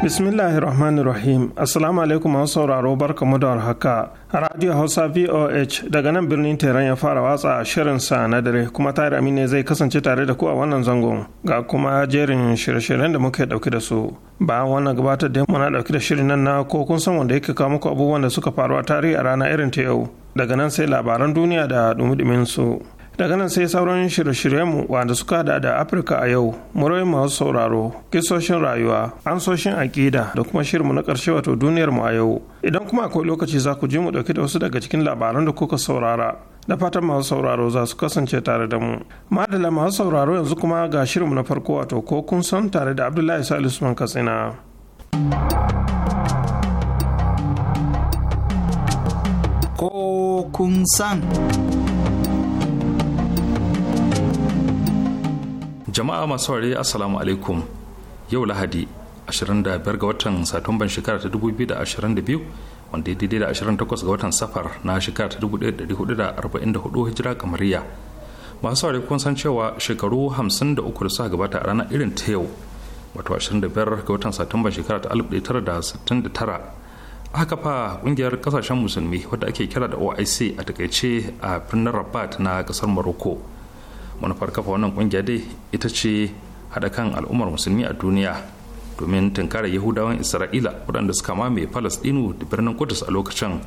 Bismillahirrahmanirrahim. Assalamu alaikum masu sauraro barka mu da warhaka. Radio Hausa VOH daga nan birnin Tehran ya fara watsa shirin sa na dare kuma tare ne zai kasance tare da ku a wannan zangon ga kuma jerin shirye-shiryen da muke dauke da su. Bayan wannan gabatar da muna dauke da shirin nan na ko kun san wanda yake kawo muku abubuwan da suka faru a tarihi a rana irin ta yau. Daga nan sai labaran duniya da dumudumin su. daga nan sai sauran shirye-shiryenmu wanda suka hada da afirka a yau murai masu sauraro kisoshin rayuwa ansoshin aƙida da kuma shirinmu na ƙarshe wato duniyar mu a yau idan kuma akwai lokaci za ku ji mu ɗauki da wasu daga cikin labaran da kuka saurara da fatan masu sauraro za su kasance tare da mu madala masu sauraro yanzu kuma ga shirinmu na farko wato ko kun san tare da abdullahi salisu man katsina ko kun san jama'a masu saurari assalamu alaikum yau lahadi 25 ga watan satumban shekara ta 2022 wanda ya daidai da 28 ga watan safar na shekara ta 1444 hijira kamariya masu saurari kun san cewa shekaru 53 da suka gabata a ranar irin ta yau wato 25 ga watan satumban shekara ta 1969 aka fa kungiyar kasashen musulmi wadda ake kira da oic a takaice a birnin rabat na kasar morocco manufar kafa wannan kungiya dai ita ce haɗa kan al'ummar musulmi a duniya domin tunkara yahudawan isra'ila waɗanda suka mamaye dinu da birnin kudus a lokacin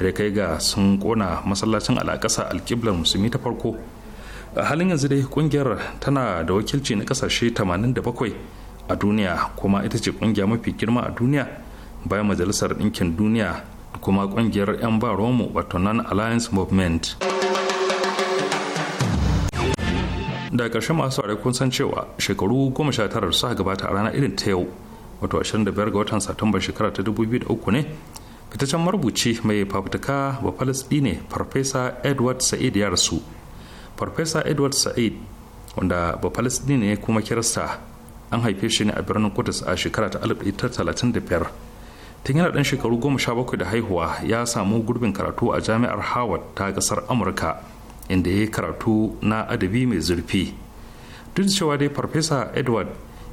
da kai ga sun kona masallacin alakasa alƙiblar musulmi ta farko a halin yanzu dai kungiyar tana da wakilci na kasashe 87 a duniya kuma ita ce kungiya mafi girma a duniya bayan majalisar ɗinkin duniya kuma kungiyar 'yan ba romu wato non alliance movement da ƙarshe masu saurari kun san cewa shekaru goma sha tara suka gabata a ranar irin ta yau wato 25 ga watan satumba shekara ta 2003 ne fitaccen marubuci mai fafutuka ba ne farfesa edward sa'id ya rasu farfesa edward sa'id wanda ba ne kuma kirista an haife shi ne a birnin kudus a shekara ta 1935 tun yana dan shekaru sha bakwai da haihuwa ya samu gurbin karatu a jami'ar howard ta kasar amurka inda ya yi karatu na adabi mai zurfi duk da cewa dai farfesa edward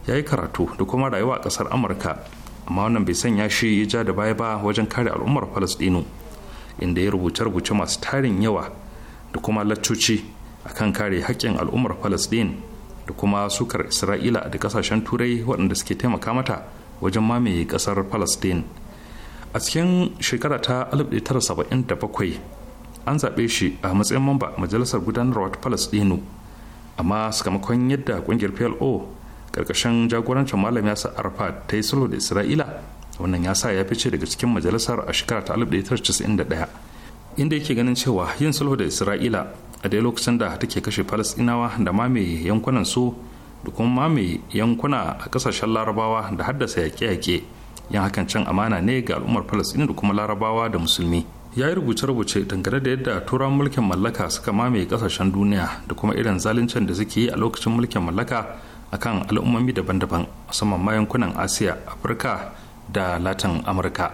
ya yi karatu da kuma rayuwa a kasar amurka amma wannan bai sanya shi ya ja da baya ba wajen kare al'ummar falastinu inda ya rubuce rubuce masu tarin yawa da kuma laccoci akan kare haƙƙin al'ummar falastin da kuma sukar isra'ila da ƙasashen turai waɗanda suke taimaka mata wajen mamaye ƙasar falastin a cikin shekara ta 1977 an zaɓe shi a matsayin mamba majalisar gudanarwa ta palestino amma sakamakon yadda ƙungiyar plo ƙarƙashin jagorancin malam yasa arfa ta yi sulhu da isra'ila wannan ya sa ya fice daga cikin majalisar a shekara ta ɗaya. inda yake ganin cewa yin sulhu da isra'ila a dai lokacin da take kashe palestinawa da mamaye yankunan su da kuma mamaye yankuna a kasashen larabawa da haddasa yaƙe-yaƙe yin hakan can amana ne ga al'ummar palestina da kuma larabawa da musulmi ya yi rubuce-rubuce dangane da yadda turan mulkin mallaka suka mamaye kasashen duniya da kuma irin zaluncin da suke yi a lokacin mulkin mallaka akan al'ummomi daban-daban musamman ma yankunan asiya afirka da latin amurka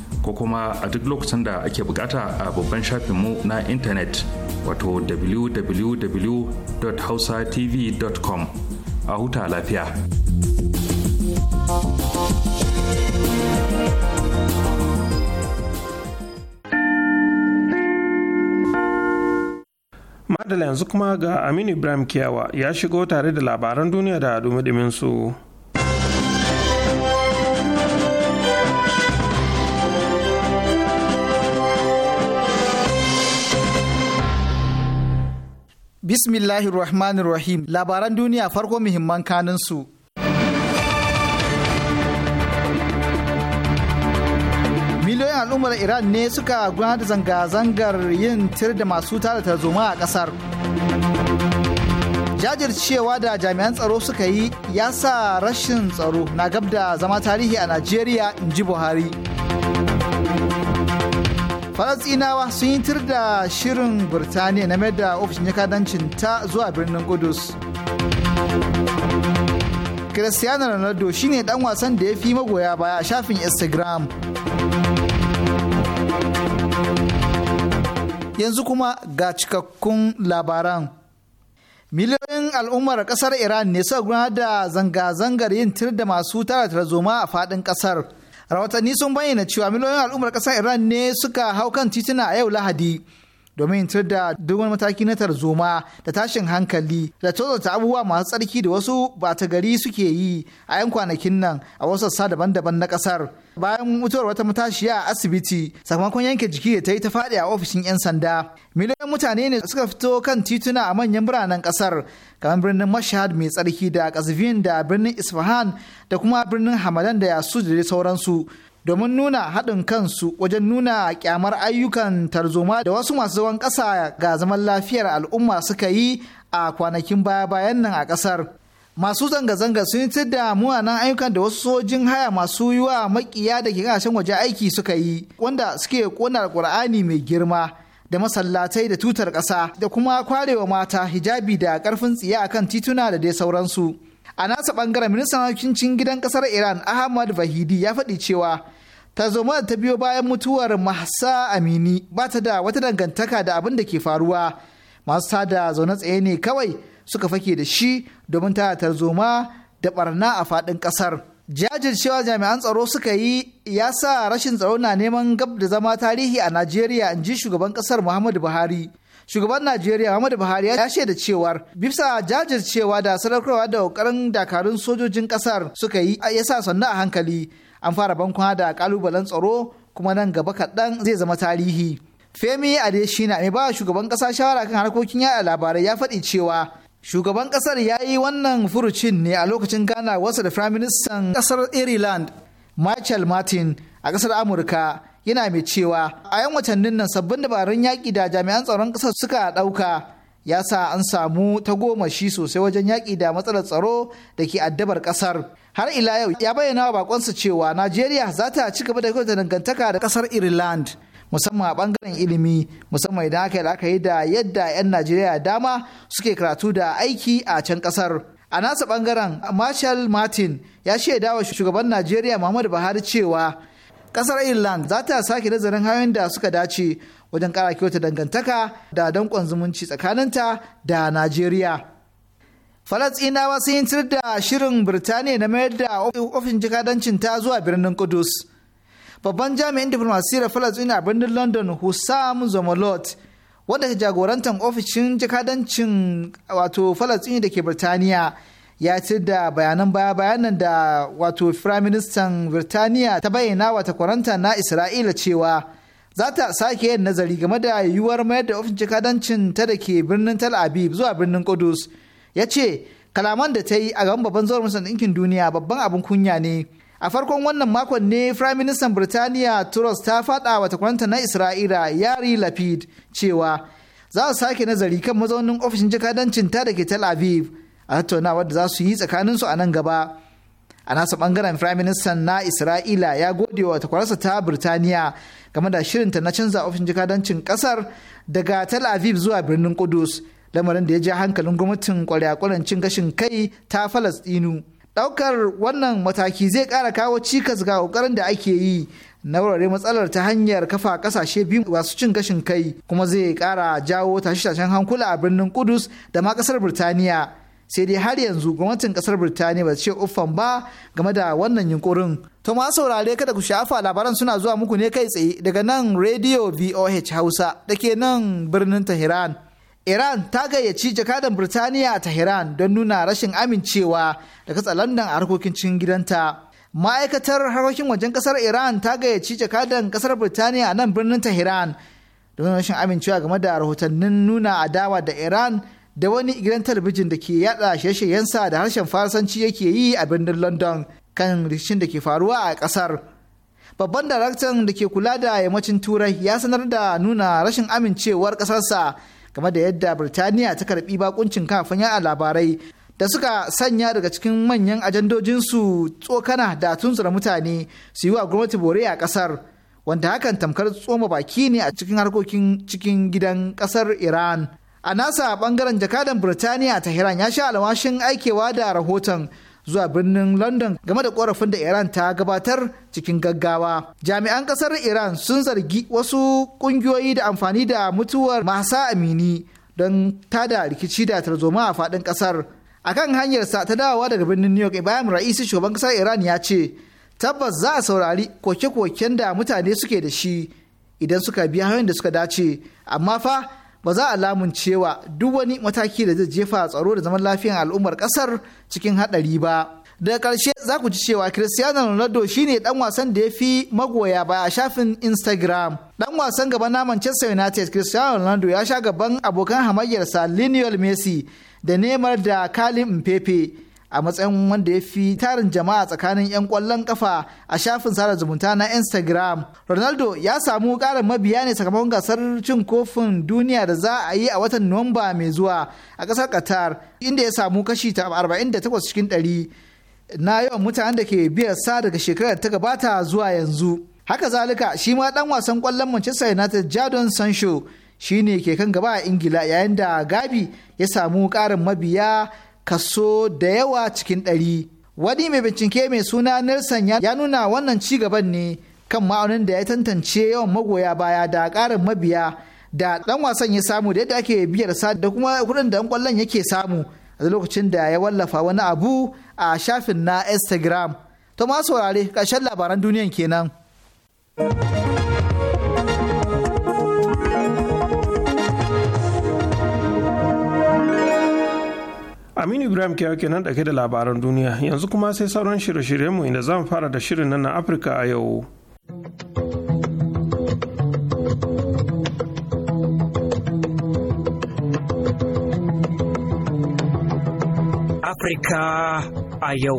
ko kuma a duk lokacin da ake bukata a babban mu na intanet wato www.hausatv.com a huta lafiya. Madala yanzu kuma ga Aminu Ibrahim Kiyawa ya shigo tare da labaran duniya da dumi su. bismillahirrahmanirrahim labaran duniya farko muhimman kanin su. Miliyoyin al'ummar Iran ne suka gudanar da zanga-zangar yin tir da masu tada tarzoma a ƙasar. Jajircewa da jami'an tsaro suka yi ya sa rashin tsaro na gab da zama tarihi a Najeriya in ji Buhari. falasinawa sun yi tir da shirin birtaniya na mayar da ofishin jakadancin ta zuwa birnin kudus cristiano ronaldo shine dan wasan da ya fi magoya baya a shafin instagram yanzu kuma ga cikakkun labaran miliyoyin al'ummar kasar iran ne suka gudanar da zanga-zangar yin tir da masu tara tarzoma a faɗin ƙasar. kasar rahotanni sun bayyana cewa miliyoyin al'ummar ƙasar iran ne suka hau kan tituna a yau lahadi domin tur da duk mataki na tarzoma da tashin hankali da ta abubuwa masu tsarki da wasu ba ta gari suke yi a 'yan kwanakin nan a wasu sassa daban-daban na kasar bayan mutuwar wata matashiya a asibiti sakamakon yanke jiki da ta yi ta faɗi a ofishin 'yan sanda miliyoyin mutane ne suka fito kan tituna a manyan biranen kasar kamar birnin mashhad mai tsarki da kasvin da birnin isfahan da kuma birnin hamadan da yasu da sauransu domin nuna haɗin kansu wajen nuna kyamar ayyukan tarzoma da wasu masu zaman ƙasa ga zaman lafiyar al'umma suka yi a kwanakin baya-bayan nan a ƙasar. Masu zanga-zanga sun yi da munanan ayyukan da wasu sojin haya masu yi wa makiya da ke ƙasashen waje aiki suka yi, wanda suke ƙona ƙur'ani mai girma da masallatai da tutar ƙasa da kuma kwarewa mata hijabi da ƙarfin tsiya akan tituna da dai sauransu. a nasa bangaren ministan harkokin gidan kasar iran ahmad vahidi ya faɗi cewa tarzoma da ta biyo bayan mutuwar mahsa amini ba ta da wata dangantaka da abin da ke faruwa masu sada zaune tsaye ne kawai suka fake da shi domin ta tarzoma da barna a faɗin ƙasar jajircewa jami'an tsaro suka yi ya sa rashin tsaro na neman gab da zama tarihi a najeriya in ji shugaban ƙasar muhammadu buhari shugaban najeriya muhammadu buhari ya shaida cewa bisa jajircewa da sadaukarwa da kokarin dakarun sojojin kasar suka yi ya sa sannu a hankali an fara bankwana da kalubalen tsaro kuma nan gaba kaɗan zai zama tarihi femi adeshina mai ba shugaban kasa shawara kan harkokin yaya labarai ya faɗi cewa shugaban kasar ya yi wannan furucin ne a lokacin gana wasu da firaministan kasar ireland michael martin a kasar amurka yana mai cewa a 'yan watannin nan sabbin dabarun yaƙi da jami'an tsaron ƙasar suka ɗauka ya sa an samu ta goma shi sosai wajen yaƙi da matsalar tsaro da ke addabar ƙasar. Har ila yau ya bayyana wa bakonsa cewa Najeriya za ta ci gaba da kyauta dangantaka da ƙasar Ireland musamman a ɓangaren ilimi musamman idan aka yi la'akari da yadda 'yan Najeriya dama suke karatu da aiki a can ƙasar. A nasa ɓangaren Marshall Martin ya shaida wa shugaban Najeriya Muhammadu Buhari cewa kasar ireland za ta sake nazarin hanyoyin da suka dace wajen kara kyauta dangantaka da dankon zumunci tsakaninta da najeriya falasɗinawa sun yi da shirin birtaniya na mayar da ofishin jikadancin ta zuwa birnin kudus babban jami'in diflomasiyyar falasɗina a birnin london hussam zomolot wanda ke jagorantar ofishin jikadancin wato falasɗini da ke birtaniya ya ci da bayanan baya bayanan da wato firaministan birtaniya ta bayyana wata kwaranta na isra'ila cewa za ta sake yin nazari game da yiwuwar mayar da ofishin jakadancin ta da ke birnin tel aviv zuwa birnin kudus ya ce kalaman da ta yi a gaban babban zuwa musamman ɗinkin duniya babban abin kunya ne a farkon wannan makon ne firaministan birtaniya turos ta faɗa wata kwaranta na isra'ila yari lapid cewa za su sake nazari kan mazaunin ofishin jakadancin ta da ke tel aviv a tattaunawar da za su yi tsakaninsu a nan gaba a nasa bangaren firayim ministan na isra'ila ya gode wa takwararsa ta birtaniya game da shirinta na canza ofishin jikadancin kasar daga tel aviv zuwa birnin kudus lamarin da ya ja hankalin gwamnatin kwarya cin gashin kai ta falastinu daukar wannan mataki zai kara kawo cikas ga kokarin da ake yi na wurare matsalar ta hanyar kafa kasashe biyu masu cin gashin kai kuma zai kara jawo tashe-tashen hankula a birnin kudus da ma kasar birtaniya sai dai har yanzu gwamnatin kasar birtaniya ba ce uffan ba game da wannan yunkurin to ma saurare kada ku shafa labaran suna zuwa muku ne kai tsaye daga nan radio voh hausa da ke nan birnin tehran iran ta gayyaci jakadan birtaniya a tehran don nuna rashin amincewa da katsa london a harkokin cikin gidanta ma'aikatar harkokin wajen kasar iran ta gayyaci jakadan kasar birtaniya a nan birnin tehran don rashin amincewa game da rahotannin nuna adawa da iran da wani gidan talabijin da ke yada shirye-shiryensa da harshen Faransanci yake yi a birnin London kan rikicin da ke faruwa a kasar. Babban daraktan da ke kula da yammacin Turai ya sanar da nuna rashin amincewar kasarsa game da yadda Birtaniya ta karbi bakuncin kafin yada labarai da suka sanya daga cikin manyan ajandojinsu tsokana da tunzura mutane su yi wa gwamnati bore a kasar wanda hakan tamkar tsoma baki ne a cikin harkokin cikin gidan kasar Iran. a nasa bangaren jakadan birtaniya a tehran ya sha alwashin aikewa da rahoton zuwa birnin london game da korafin da iran ta gabatar cikin gaggawa jami'an kasar iran sun zargi wasu kungiyoyi da amfani da mutuwar masa amini don tada rikici da tarzoma a fadin kasar akan hanyarsa ta dawowa daga birnin new york ibrahim ra'isi shugaban kasar iran ya ce tabbas za a saurari koke-koken da mutane suke da shi idan suka biya hanyar da suka dace amma fa ba za a lamun cewa duk wani mataki da zai jefa tsaro da zaman lafiyar al'ummar kasar cikin haɗari ba. Daga ƙarshe za ku ci cewa Cristiano Ronaldo shine ɗan wasan da ya fi magoya ba a shafin Instagram. Ɗan wasan gaba na Manchester United Cristiano Ronaldo ya sha gaban abokan hamayyarsa Lionel Messi da Neymar da Kalin Mpepe. a matsayin wanda ya fi tarin jama'a tsakanin 'yan kwallon kafa a shafin sada zumunta na instagram ronaldo ya samu karin mabiya ne sakamakon gasar cin kofin duniya da za a yi a watan nuwamba mai zuwa a kasar qatar inda ya samu kashi 48 cikin 100 na yawan mutanen da ke biyar sa daga shekarar ta gabata zuwa yanzu haka zalika shi ma dan wasan kwallon manchester united jadon sancho shine ke kan gaba a ingila yayin da gabi ya samu karin mabiya kaso da yawa cikin ɗari. Wani mai bincike mai suna Nelson ya nuna wannan ci gaban ne kan ma'aunin da ya tantance yawan magoya baya da ƙarin mabiya da ɗan wasan ya samu da yadda ake biyar sa da kuma kuɗin da ɗan ƙwallon yake samu a lokacin da ya wallafa wani abu a shafin na Instagram. To ma saurare ƙarshen labaran duniyan kenan. Aminu Ibrahim ke kenan nan da labaran duniya yanzu kuma sai sauran shirye-shiryenmu inda zan fara da shirin nan na Afirka a yau. Afirka a yau.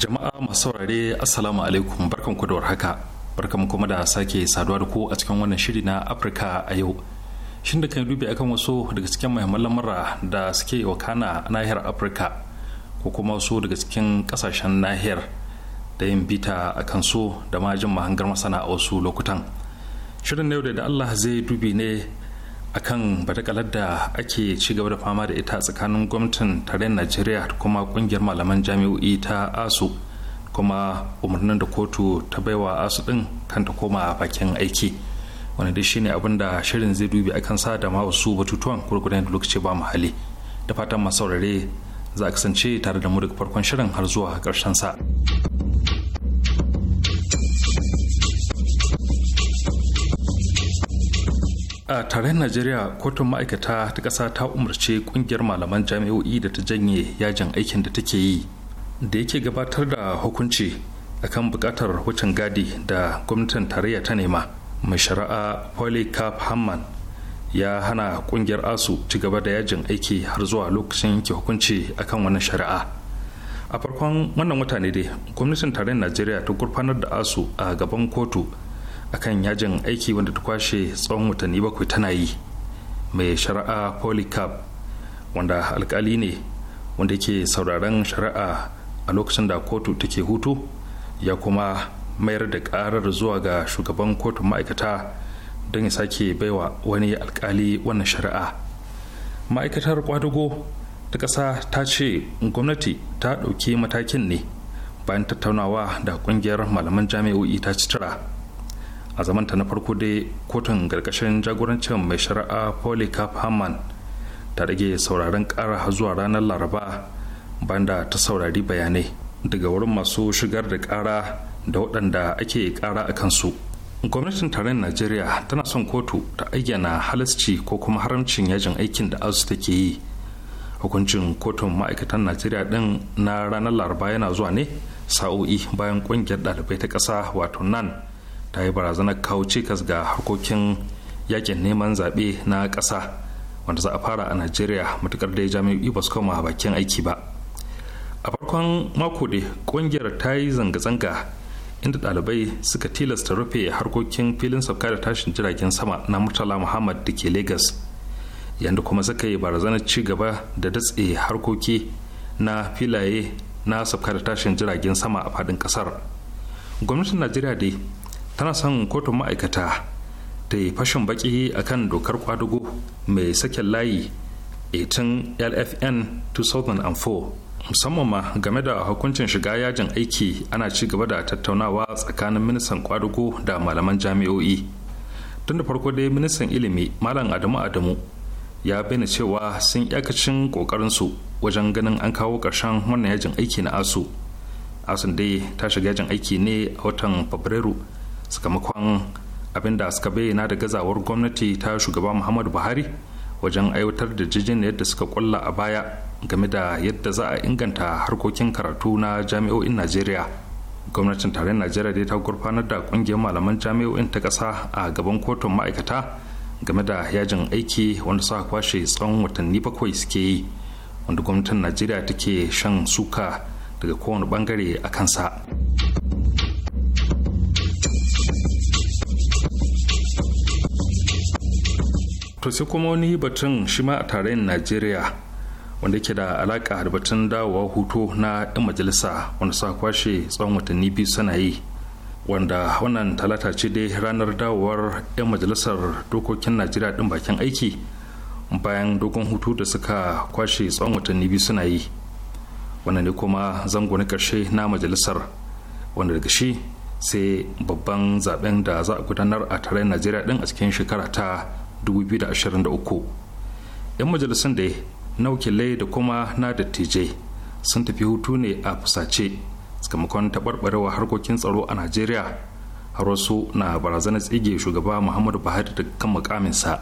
Jama'a masu saurare Assalamu alaikum barkanku da warhaka. Barkanku kuma da sake saduwa da ku a cikin wannan shiri na Afirka a yau. shin da kan dubi akan wasu daga cikin muhimman lamura da suke wakana a nahiyar afirka ko kuma wasu daga cikin kasashen nahiyar da yin bita a su da majin mahangar masana a wasu lokutan shirin yau da allah zai dubi ne akan batakalar da ake ci gaba da fama da ita tsakanin gwamnatin tarayyar najeriya da kuma kungiyar malaman jami'o'i ta asu kuma umarnin da kotu ta baiwa asu din kanta koma bakin aiki wani dai shine abin da shirin zai dubi akan sa da ma wasu batutuwan gurgudan da lokaci ba mu hali da fatan masu saurare za a kasance tare da mu daga farkon shirin har zuwa karshen sa. a tarayyar najeriya kotun ma'aikata ta ƙasa ta umarce ƙungiyar malaman jami'o'i da ta janye yajin aikin da take yi da yake gabatar da hukunci akan buƙatar wucin gadi da gwamnatin tarayya ta nema mai shari'a polycarp hamman ya hana kungiyar asu ci gaba da yajin aiki har zuwa lokacin yanke hukunci akan wannan shari'a a farkon wannan wata ne dai gwamnatin tarayyar najeriya ta gurfanar da asu a gaban kotu akan yajin aiki wanda ta kwashe tsawon watanni bakwai tana yi mai shari'a polycarp wanda alkali ne wanda ke sauraren shari'a a lokacin da kotu take hutu ya kuma mayar da karar zuwa ga shugaban kotun ma'aikata don ya sake baiwa wani alkali wannan shari'a ma'aikatar ƙwadago ta ƙasa ta ce gwamnati ta ɗauki matakin ne bayan tattaunawa da ƙungiyar malaman jami'o'i ta citara a zamanta na farko dai kotun ƙarƙashin jagorancin mai shari'a polycarp hamman ta rage sauraron ƙara zuwa ranar laraba banda ta saurari bayanai daga wurin masu shigar da ƙara da waɗanda ake ƙara a kansu gwamnatin tarayyar najeriya tana son kotu ta ayyana halasci ko kuma haramcin yajin aikin da azu take yi hukuncin kotun ma'aikatan najeriya ɗin na ranar laraba yana zuwa ne sa'o'i bayan ƙungiyar ɗalibai ta ƙasa wato nan ta yi barazanar kawo cikas ga harkokin yakin neman zaɓe na ƙasa wanda za a fara a najeriya matuƙar dai jami'o'i ba su koma bakin aiki ba a farkon mako da ƙungiyar ta yi zanga-zanga inda ɗalibai suka tilasta rufe harkokin filin sauka da tashin jiragen sama na murtala muhammad da ke lagos yadda kuma suka yi barazanar ci gaba da datse harkoki na filaye na sauka da tashin jiragen sama a faɗin ƙasar gwamnatin najeriya dai tana son kotun ma'aikata ta yi fashin baki akan dokar kwadugo mai saken layi 18 lfn 2004 musamman ma game da hukuncin shiga yajin aiki ana ci gaba da tattaunawa tsakanin ministan kwadugo da malaman jami'o'i tun da farko dai ministan ilimi malam adamu adamu ya bayyana cewa sun yakacin su wajen ganin an kawo ƙarshen wannan yajin aiki na asu asun dai ta shiga yajin aiki ne a watan fabrairu sakamakon abin da suka bayyana da gazawar gwamnati ta shugaba muhammadu buhari wajen aiwatar da jijin yadda suka kulla a baya game da yadda za a inganta harkokin karatu na jami'o'in najeriya gwamnatin tarayyar najeriya dai ta gurfanar da kungiyar malaman jami'o'in ta ƙasa a gaban kotun ma'aikata game da yajin aiki wanda suka kwashe tsawon watanni bakwai suke yi wanda gwamnatin najeriya take shan suka daga kowane bangare a kansa to kuma wani batun shi ma a tarayyar najeriya wanda ke da alaka da batun dawowa hutu na 'yan majalisa wanda sa kwashe tsawon watanni biyu sana yi wanda wannan talata ce dai ranar dawowar 'yan majalisar dokokin najeriya din bakin aiki bayan dogon hutu da suka kwashe tsawon watanni biyu suna yi wannan ne kuma zango na karshe na majalisar wanda daga shi sai babban zaben da za a gudanar a tarayyar najeriya din a cikin shekara ta 2023 'yan majalisun da na wakile da kuma na dattijai sun tafi hutu ne a fusace sakamakon taɓarɓarewa harkokin tsaro a najeriya har wasu na barazanar tsige shugaba muhammadu buhari da kan mukaminsa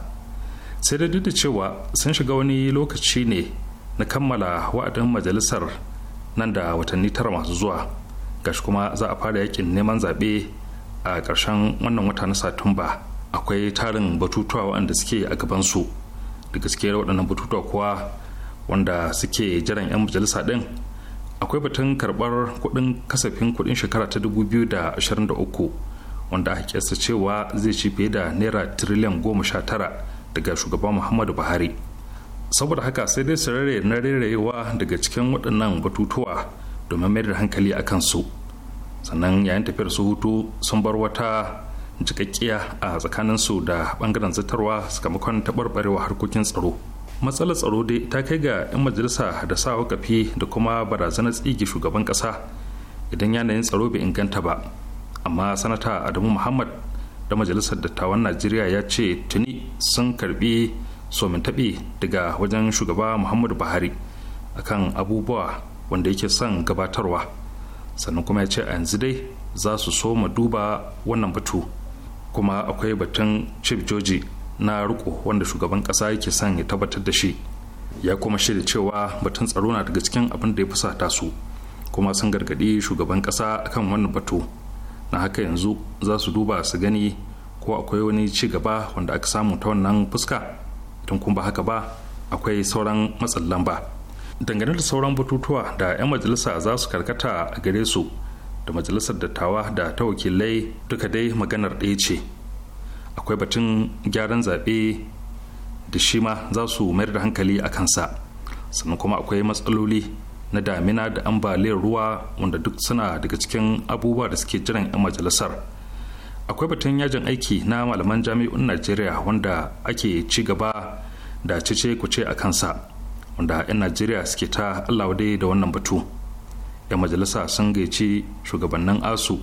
sai da duk da cewa sun shiga wani lokaci ne na kammala wa'adin majalisar nan da watanni tara masu zuwa gashi kuma za a fara yakin neman zaɓe a ƙarshen wannan wata na satumba akwai tarin batutuwa waɗanda suke a gabansu da gaskiyar waɗannan batutuwa kuwa wanda suke jiran 'yan majalisa ɗin akwai batun karbar kudin kasafin kudin shekara ta 2023 wanda aka kyasta cewa zai ci fiye da naira tiriliyan goma sha tara daga shugaban muhammadu buhari saboda haka sai dai su na rairayewa daga cikin waɗannan batutuwa domin mayar da hankali a kansu sannan yayin tafiyar su hutu sun bar wata jikakkiya a tsakaninsu da bangaren zartarwa sakamakon taɓarɓarewa harkokin tsaro matsalar tsaro dai ta kai ga 'yan majalisa da sa kafi da kuma barazanar tsigi shugaban kasa idan yanayin tsaro bai inganta ba amma sanata adamu muhammad da majalisar dattawan najeriya ya ce tuni sun karbi somintaɓe daga wajen shugaba muhammadu buhari akan abubuwa wanda yake son gabatarwa sannan kuma ya ce a yanzu dai za su so ma duba wannan batu kuma akwai batun chief joji na riko wanda shugaban kasa yake son ya tabbatar da shi ya kuma shirya cewa batun tsaro na daga cikin abin da ya fusata su kuma sun gargadi shugaban kasa akan wannan batu na haka yanzu za su duba su gani ko akwai wani ci gaba wanda aka samu ta wannan fuska tun kuma ba haka ba akwai sauran matsin lamba dangane da sauran batutuwa da 'yan majalisa za su karkata a gare su da majalisar dattawa da ta wakilai duka dai maganar ɗaya ce akwai batun gyaran zaɓe da shi ma za su mayar da hankali a kansa sannan kuma akwai matsaloli na damina da ambaliyar ruwa wanda duk suna daga cikin abubuwa da suke jiran 'yan majalisar akwai batun yajin aiki na malaman jami'un najeriya wanda ake ci gaba da cece kuce a kansa wanda 'yan najeriya suke ta allah dai da wannan batu 'yan majalisa sun gaici shugabannin asu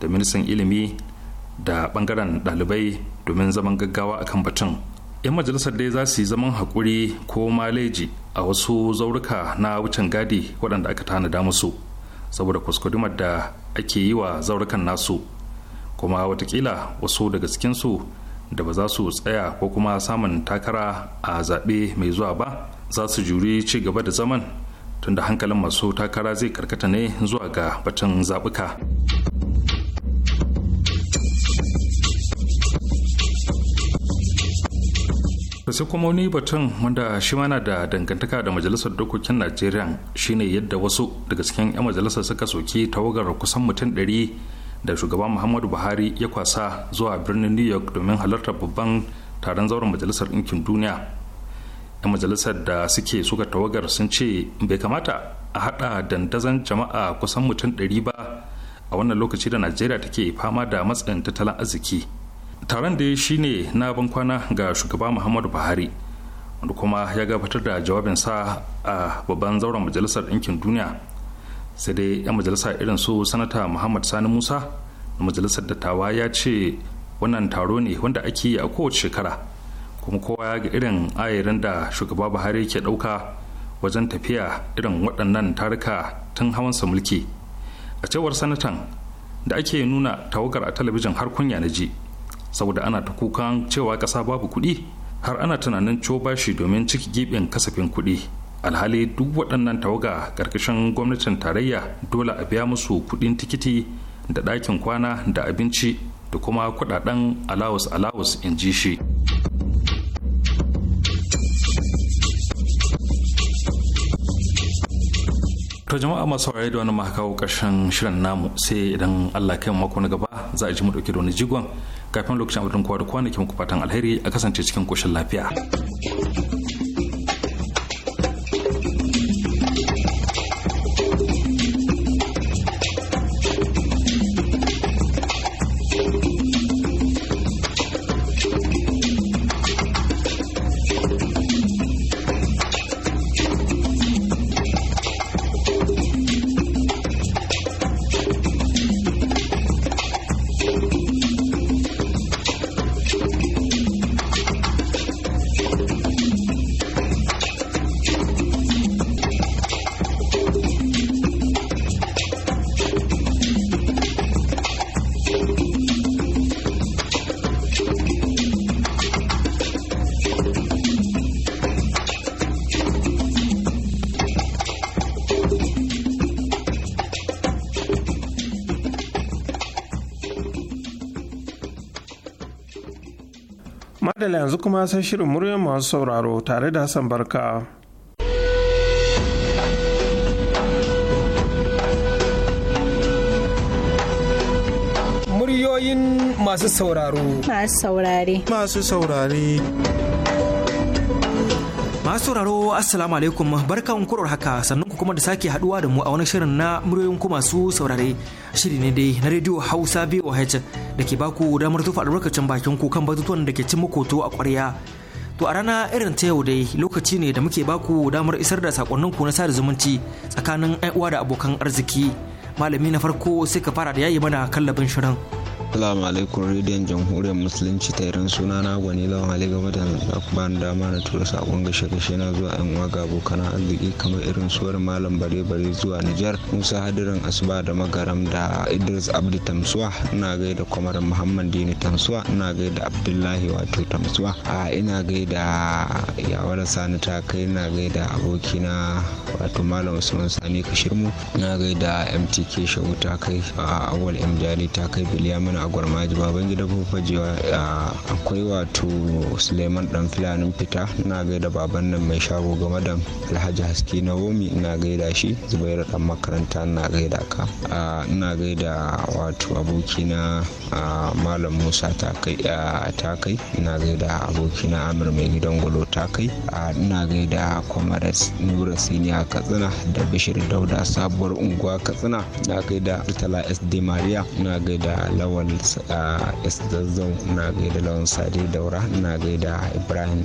da ministan ilimi da bangaren ɗalibai. domin zaman gaggawa akan batun 'yan majalisar dai za su yi zaman haƙuri ko maleji a wasu zauruka na wucin gadi waɗanda aka tanada musu saboda kuskudumar da ake yi wa zaurukan nasu kuma watakila wasu daga cikinsu da ba za su tsaya ko kuma samun takara a zaɓe mai zuwa ba za su juri ci gaba da zaman tunda hankalin masu takara zai karkata ne zuwa ga batun zaɓuka. to sai kuma wani batun wanda shi mana da dangantaka da majalisar dokokin najeriya shine yadda wasu daga cikin 'yan majalisar suka soki tawagar kusan mutum 100 da shugaban muhammadu buhari ya kwasa zuwa birnin new york domin halartar babban taron zauren majalisar ɗinkin duniya 'yan majalisar da suke suka tawagar sun ce bai kamata a haɗa dandazon jama'a kusan mutum 100 ba a wannan lokaci da najeriya take fama da matsayin tattalin arziki taron da ya shi ne na ban kwana ga shugaba muhammadu buhari wanda kuma ya gabatar da jawabinsa a babban zauren majalisar ɗinkin duniya sai dai 'yan majalisa irin su sanata muhammad sani musa na majalisar dattawa ya ce wannan taro ne wanda ake yi a kowace shekara kuma kowa ya ga irin ayarin da shugaba buhari ke ɗauka wajen tafiya irin waɗannan tarika tun hawansa mulki a cewar sanatan da ake nuna tawagar a talabijin har kunya na ji saboda ana ta kukan cewa ƙasa babu kuɗi har ana tunanin co bashi domin ciki gibin kasafin kuɗi alhali duk waɗannan tawaga ƙarƙashin gwamnatin tarayya dole a biya musu kuɗin tikiti da ɗakin kwana da abinci da kuma kuɗaɗen alawus alawus in ji shi. To jama'a masu saurare da wani kawo ƙarshen shirin namu sai idan Allah kai mako na gaba za a ji mu dauke da wani jigon kafin lokacin abin kowa da kwanaki muku fatan alheri a kasance cikin koshin lafiya. yanzu kuma sai shirin muryar masu sauraro tare da Hassan Barka. Muryoyin masu sauraro. Masu saurare. Masu saurare. masu sauraro assalamu alaikum barkan kurar haka sannan ku kuma da sake haduwa da mu a wani shirin na muryoyin ku masu saurare shiri ne dai na rediyo hausa voh da ke baku damar tufa albarkacin bakin ku kan batutuwan da ke cin makoto a ƙwarya. To a rana irin ta yau dai lokaci ne da muke baku damar isar da sakonnin ku na sada zumunci tsakanin uwa da abokan arziki. Malami na farko sai ka fara da yayi mana kallabin shirin. Assalamu alaikum rediyon jamhuriyar musulunci ta irin suna na gwani lawan hali game da za ku bani dama na tura sakon gashe gashe na zuwa yan uwa ga abokan arziki kamar irin suwar malam bare bare zuwa Nijar Musa Hadirin Asuba da Magaram da Idris Abdi Tamsuwa ina da kwamarin Muhammad Dini Tamsuwa ina da Abdullahi wato Tamsuwa a ina da yawar Sani ta kai ina da abokina wato malam Usman Sani Kashirmu ina da MTK Shehu ta kai a Awal jari ta kai Biliyamina a gwarmaji baban gida fajewa akwai wato suleiman dan filanin fita na gaida baban nan mai shago game da alhaji haske na womi na gaida shi zubairu dan makaranta na gaida ka na gaida wato abokina malam musa ta kai na gaida abokina amir mai gidan gwalo kai na gaida kwamaras nura siniya katsina da bishir dauda sabuwar unguwa katsina na gaida tala sd maria na gaida lawal Ismail Zazzau na gaida Lawan Sade Daura na gaida Ibrahim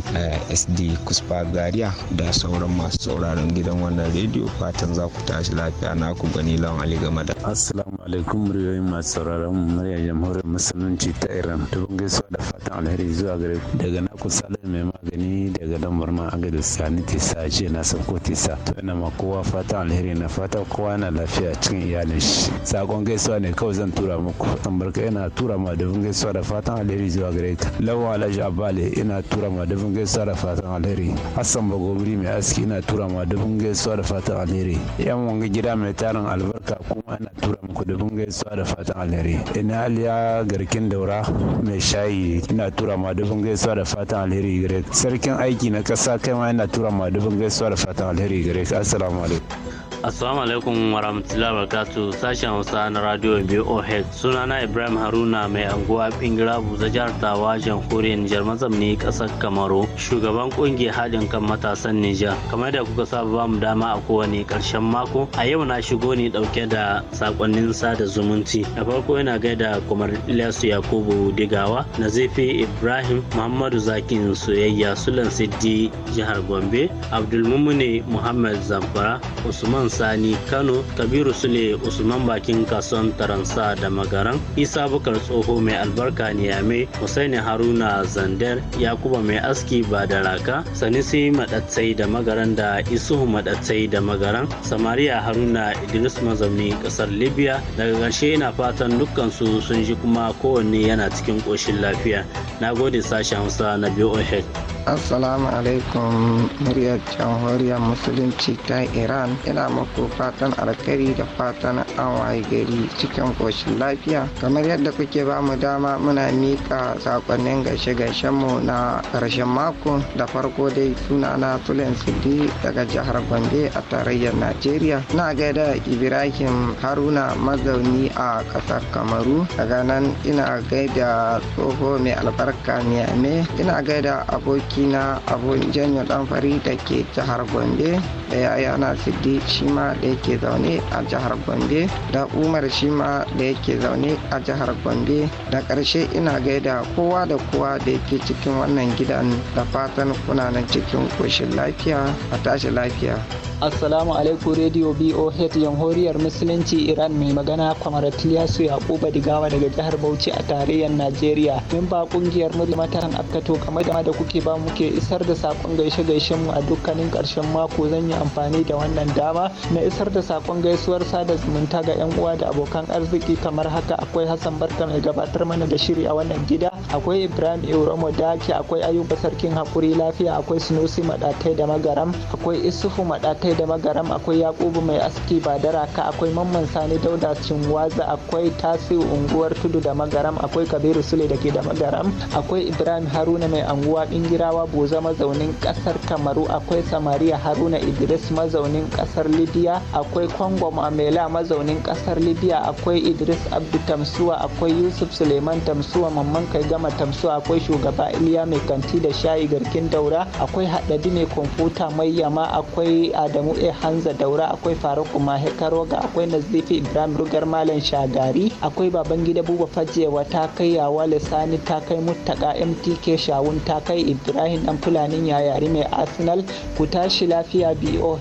SD Kuspa gariya da sauran masu sauraron gidan wannan rediyo fatan za ku tashi lafiya na ku gani Lawan Ali game da. Assalamu alaikum muryoyin masu sauraron muryar jamhuriyar musulunci ta Iran. Dubin gaisuwa da fatan alheri zuwa gare ku daga na kusa mai magani daga lambar ma agadis sani tisa ce na sauko tisa. To ina ma kowa fatan alheri na fata kowa na lafiya cikin iyalin shi. Sakon gaisuwa ne kawai zan tura muku. Tambarka ina tura ma dubin gaisuwa da fatan alheri zuwa gare ka lawan alhaji abale ina tura ma dubin gaisuwa da fatan alheri hassan bagobri mai aski ina tura ma dubin gaisuwa da fatan alheri yan wanga gida mai tarin albarka kuma ina tura muku dubin gaisuwa da fatan alheri ina aliya garkin daura mai shayi ina tura ma dubin gaisuwa da fatan alheri gare ka sarkin aiki na kasa kai ma ina tura ma dubin gaisuwa da fatan alheri gare ka assalamu alaikum Assalamu alaikum warahmatullahi wabarakatuh sashen Hausa na Radio BOH sunana Ibrahim Haruna mai anguwa pingira Buza jihar Tawa jamhuriyar Nijar mazamni kasar Kamaru shugaban kungiyar haɗin kan matasan Nijar kamar da kuka saba ba mu dama a kowane ƙarshen mako a yau na shigo ne ɗauke da sakonnin sada zumunci da farko yana gaida kumar Ilyasu Yakubu Digawa Nazifi Ibrahim Muhammadu Zakin Soyayya Sulan Siddi jihar Gombe Abdul Mumuni Muhammad Zamfara Usman Hassan Sani Kano, Kabiru Sule Usman Bakin Kason Taransa da Magaran, Isa Bukar Tsoho mai albarka Niyame, Husaini Haruna Zander, Yakuba mai aski ba da raka, Sanisi Madatsai da Magaran da Isuhu Madatsai da Magaran, Samariya Haruna Idris mazauni kasar Libya. Daga ƙarshe ina fatan dukkan su sun ji kuma kowanne yana cikin ƙoshin lafiya. Na gode sashen Hausa na BOH. assalamu alaikum muryar jamhuriyar musulunci ta iran ina muku fatan alkari da fatan an waye gari cikin koshin lafiya kamar yadda kuke ba mu dama muna miƙa sakonnin gaishe mu na ƙarshen mako da farko dai suna na tulen sidi daga jihar gombe a tarayyar najeriya na gaida ibrahim haruna mazauni a ƙasar kamaru daga nan ina gaida tsoho mai albarka niyame ina gaida aboki aboki na abun janyo fari da ke jihar gombe da na siddi shi ma da yake zaune a jihar gombe da umar shi ma da yake zaune a jihar gombe da karshe ina gaida kowa da kowa da yake cikin wannan gidan da fatan kuna nan cikin koshin lafiya a tashi lafiya Assalamu alaikum Radio BOH Jamhuriyar Musulunci Iran mai magana Kwamarat Liyasu Yakuba Digawa daga jihar Bauchi a tarayyar Najeriya. Memba kungiyar Murya Mataran Afkato kamar da kuke ba muke isar da sakon gaishe gaishen mu a dukkanin karshen mako zan yi amfani da wannan dama na isar da sakon gaisuwar sada zumunta ga yan uwa da abokan arziki kamar haka akwai Hassan Barka mai gabatar mana da shiri a wannan gida akwai Ibrahim Iromo Daki akwai Ayuba Sarkin Hakuri Lafiya akwai Sunusi Madatai da Magaram akwai Isufu Madatai da Magaram akwai Yakubu mai aski Badaraka akwai Mamman Sani Dauda waza. akwai Tasi unguwar Tudu da Magaram akwai Kabiru Sule da ke da Magaram akwai Ibrahim Haruna mai anguwa Bingira Yawa Boza mazaunin ƙasar Kamaru akwai Samariya Haruna Idris mazaunin ƙasar Libya akwai Kongo Mamela mazaunin ƙasar Libya akwai Idris Abdu Tamsuwa akwai Yusuf Suleiman Tamsuwa Mamman Kai Gama Tamsuwa akwai shugaba Iliya Mai Kanti da Shayi Garkin Daura akwai Haɗabi Mai Kwamfuta Mai Yama akwai Adamu E Hanza Daura akwai Faruku Mahe Karoga akwai Nazifi Ibrahim Rugar Malam Shagari akwai Babangida Buba Fajewa ta kai Yawa Lisani ta kai Murtala MTK Shawun ta kai Ibrahim ibrahim dan fulanin yayari mai arsenal ku tashi lafiya boh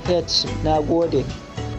na gode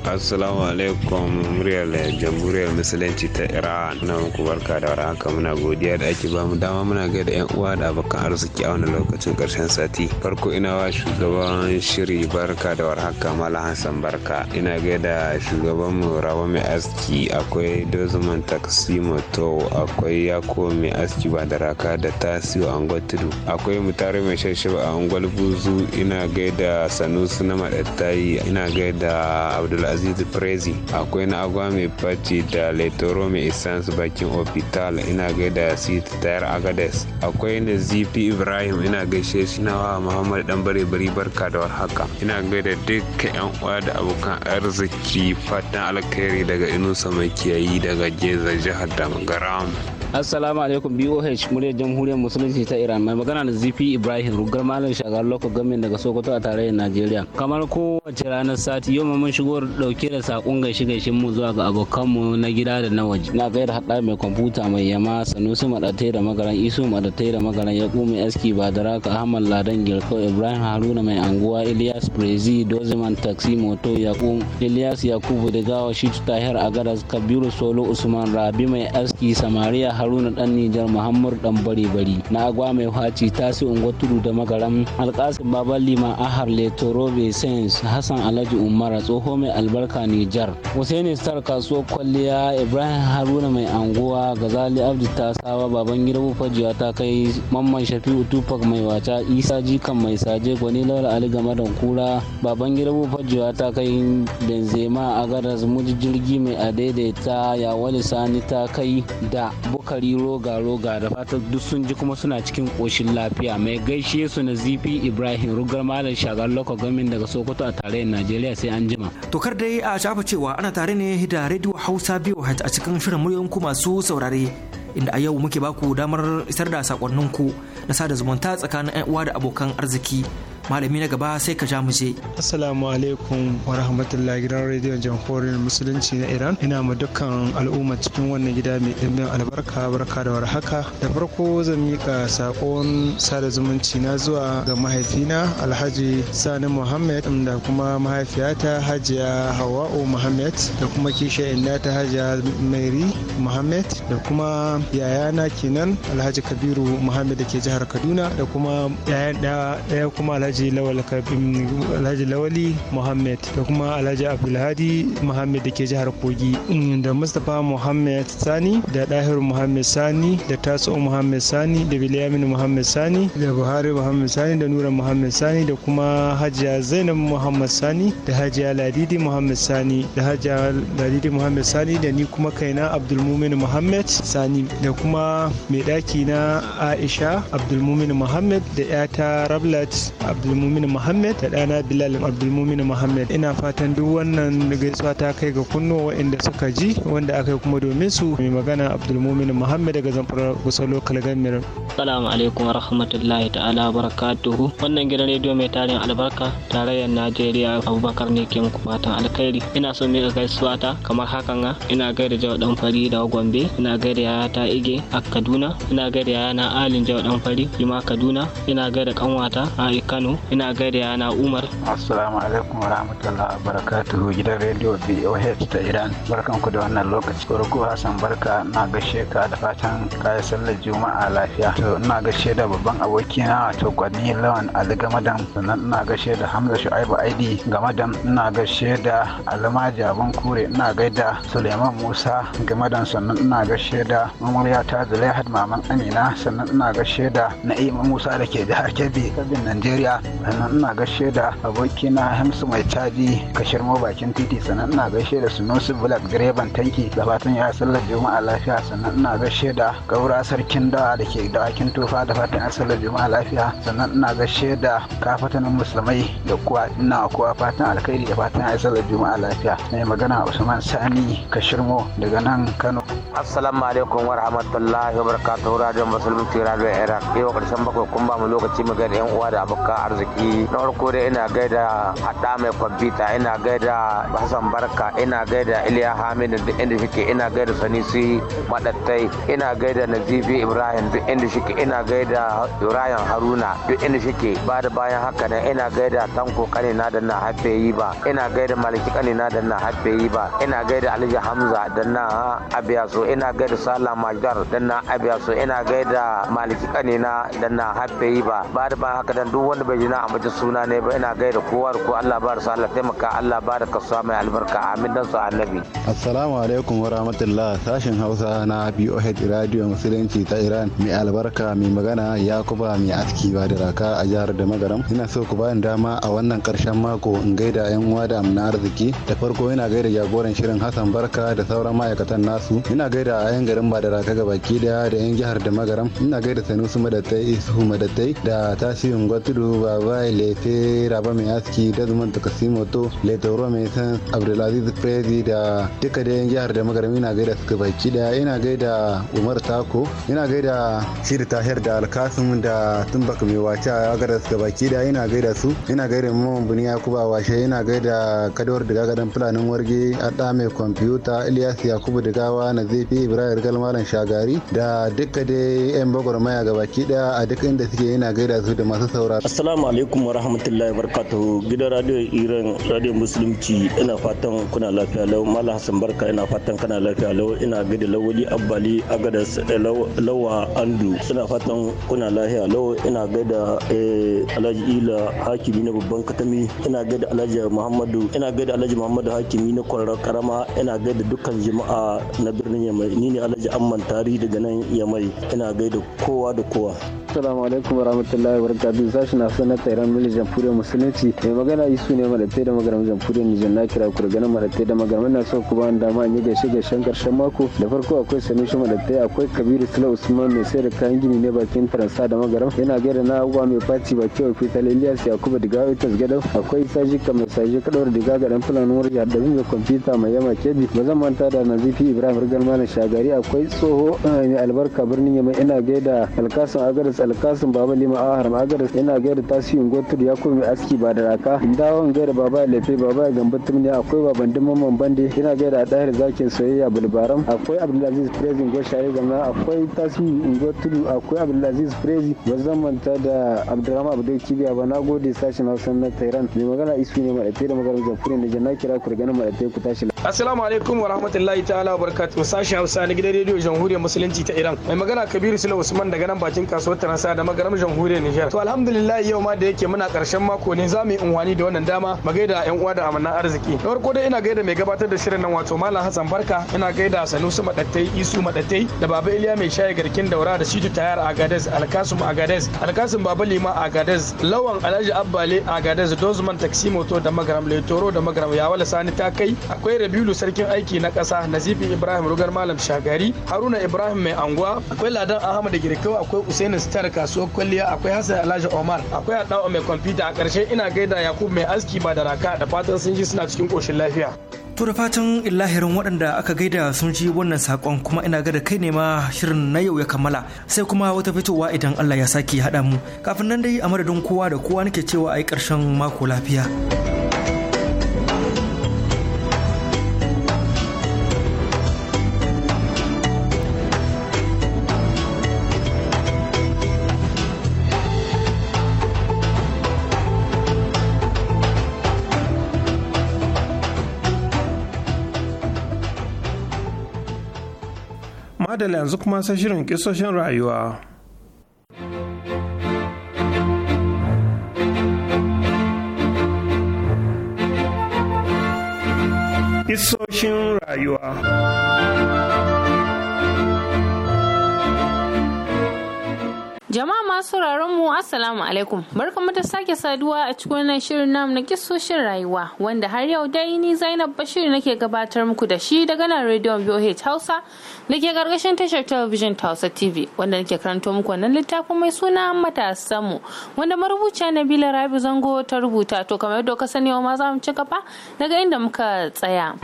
assalamu alaikum muryar jamhuriyar musulunci ta iran na muku barka da warhaka muna godiya da ake ba mu dama muna gaida yan uwa da abokan arziki a wani lokacin karshen sati farko ina wa shugaban shiri barka da warhaka mala hassan barka ina gaida shugaban mu rawa mai aski akwai dozuman taksi moto akwai yako mai aski ba da raka da tasiu tudu akwai mutare mai shashaba a angwal buzu ina gaida sanusi na maɗattayi ina gaida Abdullahi. aziz prezi akwai na agwa mai faci da letoro mai essence bakin opital ina gaida sit tayar agades akwai na zifi ibrahim ina gaishe shi na nawa muhammad dan bare bari barka da warhaka ina gaida dukkan yan uwa da abokan arziki fatan alkhairi daga inusa mai kiyayi daga jeza jihar damgaram assalamu alaikum boh muryar jamhuriyar musulunci ta iran mai magana da zp ibrahim rugar malam shagar local government daga sokoto a tarayyar najeriya kamar kowace ranar sati yau mun shigo dauke da sakon gaishe gaishen mu zuwa ga abokanmu na gida da na waje na gaida hada mai kwamfuta mai yama sanusi madatai da magaran isu madatai da magaran yaku mai aski badaraka ahmad ladan girkau ibrahim haruna mai anguwa ilyas prezi doziman taxi moto yaku ilyas yakubu da gawa shi tahir agaras kabiru solo usman rabi mai aski samariya haruna dan nijar muhammadu dan bari bari na agwa mai haci tasi unguwa tudu da magaram alkasin baban liman ahar leto robe sains hassan alhaji umara tsoho mai albarka nijar hussaini star kasuwar kwalliya ibrahim haruna mai anguwa gazali abdi tasawa baban girbu fajiya ta kai mamman shafi'u tupac mai wata isa jikan mai saje gwani laura ali game da kura baban girbu fajiya ta kai benzema a garas jirgi mai adaidaita yawali sani ta kai da kari roga roga da fatan duk sun ji kuma suna cikin koshin lafiya mai gaishe su na zifi ibrahim rugar malam shagar loko gamin daga sokoto a tarayyar najeriya sai an jima to tokar dai a shafa cewa ana tare ne da rediyo hausa biyu a cikin shirin muryoyin ku masu saurare inda a yau muke baku damar isar da sakonninku na sada zumunta tsakanin 'yan uwa da abokan arziki malami na gaba sai ka ja mu je assalamu alaikum wa rahmatullahi gidan rediyon jamhuriyar musulunci na iran ina ma dukkan al'umma cikin wannan gida mai ɗimbin albarka barka da warhaka da farko zan mika sakon sada zumunci na zuwa ga mahaifina alhaji sani muhammad da kuma mahaifiyata hajiya hawa'u muhammad da kuma kishiyan ta hajiya mairi muhammad da kuma yayana kenan alhaji kabiru muhammad da ke jihar kaduna da kuma yayan ɗaya kuma alhaji alhaji lawal kafin alhaji lawali muhammad da kuma alhaji abdulhadi muhammad da ke jihar kogi da mustapha muhammad sani da dahir muhammad sani da taso muhammad sani da bilyamin muhammad sani da buhari muhammad sani da nura muhammad sani da kuma hajiya zainab muhammad sani da hajiya ladidi muhammad sani da hajiya ladidi muhammad sani da ni kuma kaina abdulmumin muhammad sani da kuma mai daki na aisha abdulmumin muhammad da yata rablat abdulmumin muhammad da ɗana bilal abdulmumin muhammad ina fatan duk wannan gaisuwa ta kai ga kunnuwa waɗanda suka ji wanda aka yi kuma domin su mai magana abdulmumin muhammad daga zamfara kusa lokal gamirin salamu alaikum rahmatullahi ta'ala barakatuhu wannan gidan rediyo mai tarin albarka tarayyar najeriya abubakar ne ke muku fatan alkhairi ina so miƙa gaisuwa ta kamar hakan ina gaida jawa dan fari da gombe ina gaida yaya ta ige a kaduna ina gaida yaya na alin jawa dan fari jima kaduna ina gaida kanwata a kano ina gaida yana Umar Assalamu alaikum wa rahmatullahi wa barakatuhu gidan rediyo BOH ta Iran barkan ku da wannan lokaci farko Hassan barka na gashe ka da fatan kayan sallar juma'a lafiya to ina gashe da babban abokina wato Gwani Lawan Ali Gamadan sannan ina gashe da Hamza Shu'aibu Aidi Gamadan ina gashe da jabon Kure. ina gaida Suleiman Musa Gamadan sannan ina gashe da Mamuriya ta Zulaihat Maman Amina sannan ina gashe da Na'ima Musa da ke jihar Kebbi kabin Najeriya ina gaishe da abokina hamsu mai caji shirmo bakin titi sannan ina gaishe da sunusi black direban tanki da fatan ya sallar juma'a lafiya sannan ina gaishe da gaura sarkin dawa da ke dawakin tufa da fatan ya sallar juma'a lafiya sannan ina gaishe da kafatanin musulmai da kuwa ina kuwa fatan alkhairi da fatan ya sallar juma'a lafiya mai magana usman sani shirmo daga nan kano assalamu alaikum wa rahmatullahi wa barakatuhu radiyon musulunci radiyon iraq yau karshen bakwai kun ba mu lokaci mu ga yan uwa da abokan arziki na farko dai ina gaida hada mai kwamfuta ina gaida hassan barka ina gaida iliya hamidu duk inda shike ina gaida sanisi madattai ina gaida nazifi ibrahim duk inda shike ina gaida ibrahim haruna duk inda shike ba da bayan haka ne ina gaida tanko kane na da na haife yi ba ina gaida maliki kane na da na haife yi ba ina gaida alhaji hamza da na abiya so ina gaida sala majdar da na abiya so ina gaida maliki kane na da na haife yi ba ba da bayan haka dan duk wanda bari na amince suna ne ba ina gaida kowa da ko Allah ba da Allah taimaka Allah ba da kasuwa mai albarka amin dan su annabi assalamu alaikum wa rahmatullah sashin Hausa na BOH Radio Musulunci ta Iran mai albarka mai magana Yakuba mai aski ba da raka a jihar da magaram ina so ku bani dama a wannan karshen mako in gaida yan uwa da amna arziki da farko ina gaida jagoran shirin Hassan Barka da sauran ma'aikatan nasu ina gaida a yan garin ba da raka gabaki daya da yan jihar da magaram ina gaida Sanusi Madatai Isuhu Madatai da Tasirin Gwatudu baba lete raba mai aski da zuman takasimoto lete ruwa mai san abdulaziz prezi da duka da yan jihar da magarami na gaida suka baki da ina gaida umar tako ina gaida shiri tahir da alkasim da tumbak mai wace a gaida suka baki da ina gaida su ina gaida mamman buni yakuba washe ina gaida kadawar daga gadan fulanin warge adda mai kwamfuta ilyas yakubu gawa na zefi ibrahim galmalan shagari da duka da yan bagwarmaya gabaki daya a duk inda suke ina gaida su da masu saurara Assalamu alaikum wa rahmatullahi wa barakatuhu gidan radio Iran radio musulunci ina fatan kuna lafiya lau Mala Hassan Barka ina fatan kana lafiya lau ina gida lawali abbali gada eh, lawa andu ina fatan kuna lafiya lau ina gada eh, Alhaji Ila Hakimi na babban katami ina gada Alhaji Muhammadu ina gada Alhaji Muhammadu Hakimi na kwarar karama ina gada dukkan jama'a na birnin Yamai ni ne Alhaji Amman Tari daga nan Yamai ina gaida kowa da kowa. Assalamu alaikum wa rahmatullahi wa barakatuhu sashi na sanar tairan mili jamhuriyar musulunci mai magana isu ne madatai da magana jamhuriyar nijar na kira ku daga nan madatai da magana na son ku an dama in yi gaishe gaishen karshen mako da farko akwai sanushi madatai akwai kabiru sula usman mai sayar da kayan gini ne bakin faransa da magaram yana gaida na uwa mai faci baki wa fital ilyas yakuba diga itas gadau akwai saji mai saji kadawar diga ga fulani wurin da mai kwamfuta mai yama kebi ba zan manta da nazifi ibrahim rigar mana shagari akwai tsoho eh, mai albarka birnin yamma ina gaida alkasun agaris alkasin baba lima aharam agaris ina gaida tasirin gwatar ya mai aski ba da raka dawon gaida baba ya lefe baba ya gamba turmi akwai baban dimaman bande yana gaida ɗahir zakin soyayya bulbaram akwai abdulaziz prezi goshaye gama akwai tasirin gwatar akwai abdulaziz prezi ba zan manta da abdurrahman abdul kibiya ba na gode sashen hausa na tehran mai magana isu ne maɗafe da magana jamhuriyar nijar jana kira ku ganin mai maɗafe ku tashi assalamu alaikum wa rahmatullahi ta'ala wa barakatuhu sashen hausa na gidan rediyo jamhuriyar musulunci ta iran mai magana kabiru sula usman daga nan bakin kasuwar taransa da magaram jamhuriyar nijar to alhamdulillah yau kuma da yake muna karshen mako ne za mu yi unwani da wannan dama mu gaida yan uwa da amana arziki. Da farko dai ina gaida mai gabatar da shirin nan wato Malam Hassan Barka ina gaida Sanusi Madattai Isu Madattai da Baba Iliya mai shaye garkin daura da shi Tayar Agades Alkasum Agades Alkasum Baba Lima Agades Lawan Alhaji Abbale Agades Dozman Taxi Moto da Magaram Letoro da Magaram Yawala Sani ta kai akwai Rabiulu sarkin aiki na kasa Nazifi Ibrahim Rugar Malam Shagari Haruna Ibrahim mai anguwa akwai Ladan Ahmad Girkau akwai usainu Star kasuwar kwalliya akwai Hassan Alhaji Omar akwai tambaya dawo mai kwamfuta a ƙarshe ina gaida yakub mai aski ba da raka da fatan sun ji suna cikin ƙoshin lafiya To da fatan illahirin waɗanda aka gaida sun ji wannan saƙon kuma ina ga da kai ne ma shirin na yau ya kammala sai kuma wata fitowa idan Allah ya sake haɗa mu kafin nan dai a madadin kowa da kowa nake cewa a yi ƙarshen mako lafiya. madala yanzu kuma sai shirin kisoshin rayuwa. Kisoshin rayuwa. Jama'a masu mu assalamu alaikum barkamu ta sake saduwa a cikin wannan shirin namu na kisoshin rayuwa wanda har yau dai ni Zainab Bashir nake gabatar muku da shi daga nan Radio VOH Hausa dake karkashin tashar Television ta Hausa TV wanda nake karanto muku wannan littafin mai suna matasan mu wanda marubuciya Nabila Rabi Zango ta rubuta to kamar yadda ka sani ma za mu ci gaba daga inda muka tsaya.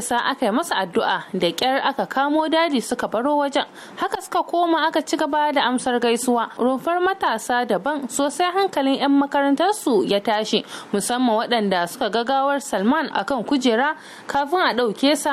sa aka yi masa addu'a da kyar aka kamo dadi suka baro wajen haka suka koma aka ci gaba da amsar gaisuwa rumfar matasa daban sosai hankalin 'yan makarantarsu ya tashi musamman waɗanda suka gagawar salman akan kujera kafin a ɗauke sa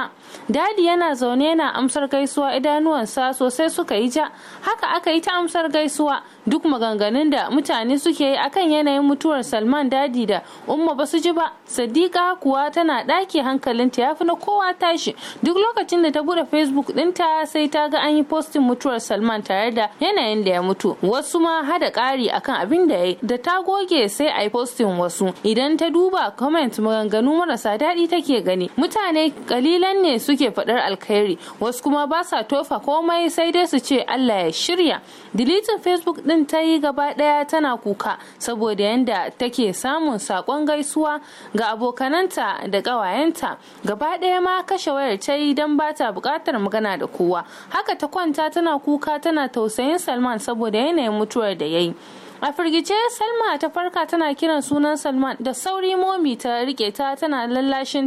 dadi yana zaune yana amsar gaisuwa idanuwansa sosai suka yi ja haka aka yi ta amsar gaisuwa duk maganganun da mutane suke yi akan yanayin mutuwar salman dadi da umma ba su ji ba sadiqa kuwa tana ɗaki hankalinta ya fi na kowa tashi duk lokacin da ta bude facebook ɗinta sai ta ga an yi postin mutuwar salman tare da yanayin da ya mutu wasu ma hada ƙari akan abin da ya yi da ta goge sai a yi postin wasu idan ta duba comment maganganu marasa daɗi take gani mutane kalilan ne ne suke faɗar alkhairi wasu kuma ba sa tofa komai sai dai su ce allah ya shirya dilitin facebook ɗin ta yi gaba ɗaya tana kuka saboda yadda take samun saƙon gaisuwa ga abokananta da ƙawayenta gaba ɗaya ma kashe wayar ta yi don ba ta bukatar magana da kowa haka ta kwanta tana kuka tana tausayin salman saboda yanayin mutuwar da ya yi a firgice salma ta farka tana kiran sunan salman da sauri momi ta rike ta tana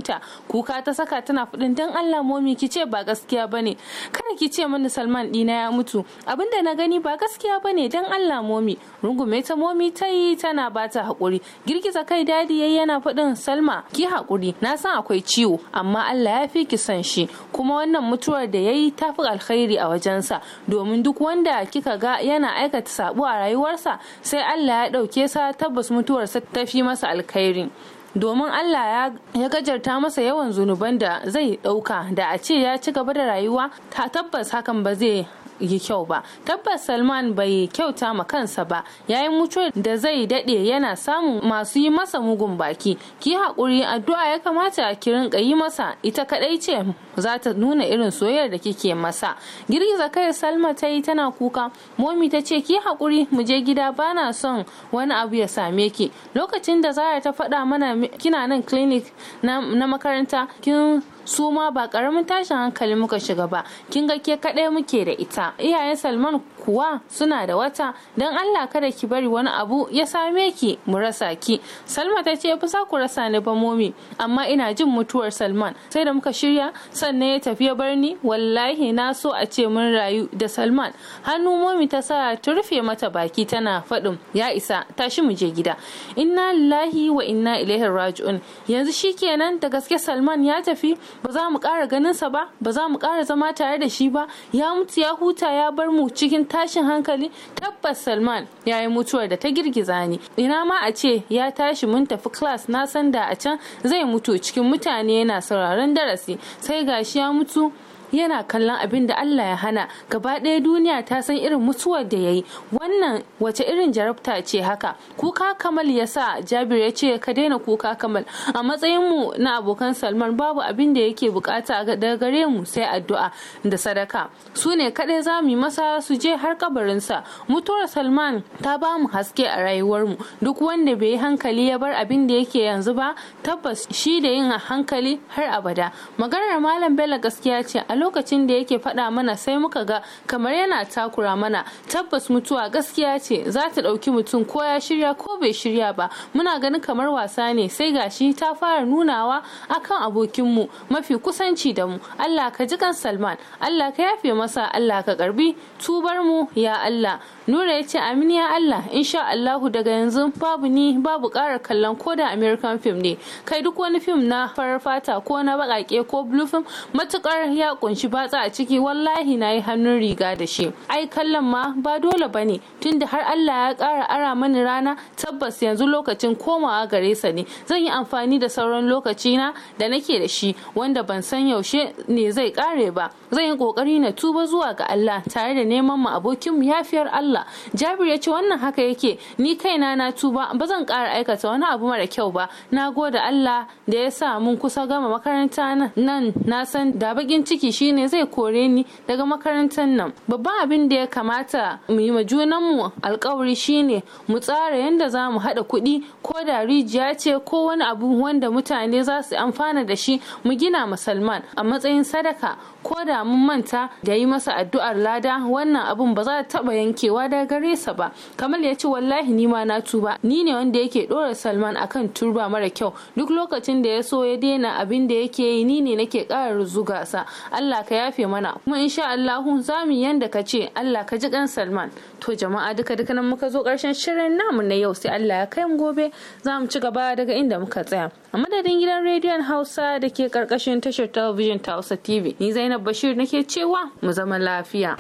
ta kuka ta saka tana fudin dan allah momi ki ce ba gaskiya bane kada ki ce mana salman dina ya mutu abinda na gani ba gaskiya bane dan allah momi rungume ta momi ta yi tana bata hakuri girgiza kai dadi yayi yana fudin salma ki hakuri na san akwai ciwo amma allah ya fi ki san shi kuma wannan mutuwar da yayi fi alkhairi a wajensa domin duk wanda kika ga yana aikata sabo a rayuwarsa sai Allah ya ɗauke sa tabbas mutuwarsa ta fi masa alkhairi domin Allah ya gajarta masa yawan zunuban da zai ɗauka da a ce ya ci gaba da rayuwa ta tabbas hakan ba zai yi kyau ba tabbas salman bai kyauta ma kansa ba yayin mutuwar da zai dade yana samun masu yi masa mugun baki ki haƙuri addu'a ya kamata ki rinka yi masa ita kaɗai ce za ta nuna irin soyayyar da kike masa girgiza kai salma ta yi tana kuka momi ta ce ki haƙuri mu je gida bana son wani abu ya same ki lokacin da zara ta faɗa mana kina nan clinic na makaranta kin su ma ba karamin tashin hankali muka shiga ba kin ga ke kadai muke da ita iyayen salman kuwa suna da wata don Allah kada ki bari wani abu ya same ki mu rasa ki Salma ta ce fusa ku rasa ni ba momi amma ina jin mutuwar Salman sai da muka shirya sannan ya tafi ya bar ni wallahi na so a ce mun rayu da Salman hannu momi ta sa ta rufe mata baki tana faɗin ya isa tashi mu je gida inna lillahi wa inna ilaihi raji'un yanzu shi shikenan da gaske Salman ya tafi ba za mu ƙara ganinsa ba ba za mu ƙara zama tare da shi ba ya mutu ya huta ya bar mu cikin tashin hankali tabbas salman ya yi mutuwar da ta girgiza ni ina ma a ce ya tashi mun tafi class na sanda a can zai mutu cikin mutane yana sauraron darasi sai gashi ya mutu yana kallon abin da Allah ya hana gaba ɗaya duniya ta san irin mutuwar da ya yi wannan wace irin jarabta ce haka kuka kamal ya sa jabir ya ce ka daina kuka kamal a matsayin mu na abokan salman babu abin da yake bukata daga gare mu sai addu'a da sadaka su ne kaɗai za mu yi masa su je har kabarinsa mutuwar salman ta ba mu haske a rayuwar mu duk wanda bai yi hankali ya bar abin da yake yanzu ba tabbas shi da yin hankali har abada maganar malam bello gaskiya ce lokacin da yake faɗa mana sai muka ga kamar yana takura mana tabbas mutuwa gaskiya ce za ta ɗauki mutum ko ya shirya ko bai shirya ba muna ganin kamar wasa ne sai gashi ta fara nunawa akan abokinmu mafi kusanci da mu Allah ka ji kan Salman Allah ka yafe masa Allah ka karbi tubar mu ya Allah Nura ya ce amin ya Allah insha Allahu daga yanzu babu ni babu ƙara kallon ko da American film ne kai duk wani film na farar fata ko na baƙaƙe ko blue film matukar ya kunshi batsa a ciki wallahi na yi hannun riga da shi ai kallon ma ba dole ba bane tunda har Allah ya ƙara ara mani rana tabbas yanzu lokacin komawa gare sa ne zan yi amfani da sauran lokaci na da nake da shi wanda ban san yaushe ne zai ƙare ba zan yi kokari na tuba zuwa ga Allah tare da neman mu abokin mu yafiyar Allah Jabir ya ce wannan haka yake ni kaina na tuba ba zan ƙara aikata wani abu mara kyau ba na gode Allah da ya sa mun kusa gama makaranta nan na san da bakin ciki shine zai kore ni daga makarantar nan babban abin da ya kamata mu yi junan mu alkawari shine mu tsara yadda za mu haɗa kuɗi ko da rijiya ce ko wani abu wanda mutane za su amfana da shi mu gina musulman a matsayin sadaka ko da Allah mun manta da yi masa addu'ar lada wannan abun ba za ta taba yankewa daga gare sa ba kamal ya ce wallahi ni ma na tuba ni ne wanda yake dora Salman akan turba mara kyau duk lokacin da ya so ya daina abin da yake yi ni ne nake ƙara zuga sa Allah ka yafe mana kuma insha Allah za mu yanda ka ce Allah ka ji kan Salman to jama'a duka duka nan muka zo karshen shirin namu na yau sai Allah ya kai mu gobe za mu ci gaba daga inda muka tsaya a madadin gidan rediyon Hausa da ke karkashin tashar talabijin ta Hausa TV ni Zainab Bashir na nake cewa mu zama lafiya.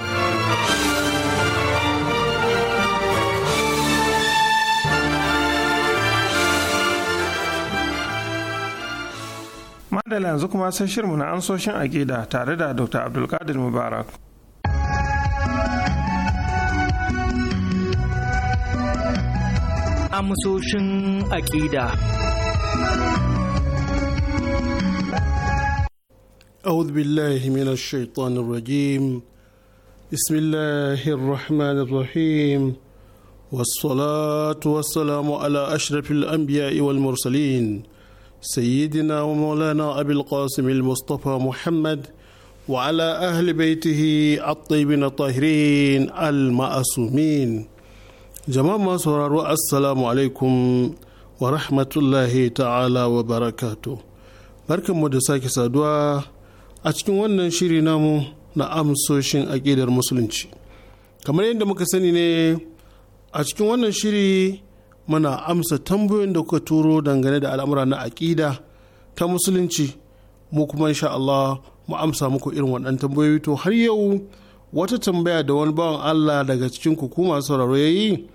Madala yanzu kuma sai shirmu na ansoshin aƙida tare da Dr. Abdulkadir Mubarak. Amsoshin aƙida. أعوذ بالله من الشيطان الرجيم بسم الله الرحمن الرحيم والصلاة والسلام على أشرف الأنبياء والمرسلين سيدنا ومولانا أبي القاسم المصطفى محمد وعلى أهل بيته الطيبين الطاهرين المعصومين جماعة سرار السلام عليكم ورحمة الله تعالى وبركاته بركة مدساك سادوه a cikin wannan shiri namu na amsoshin aƙidar musulunci kamar yadda muka sani ne a cikin wannan shiri muna amsa tambayoyin da kuka turo dangane da al'amura na aƙida ta musulunci mu kuma insha Allah mu amsa muku irin waɗannan tambayoyi to har yau wata tambaya da wani bawan Allah daga cikin ku kuma sauraro yayi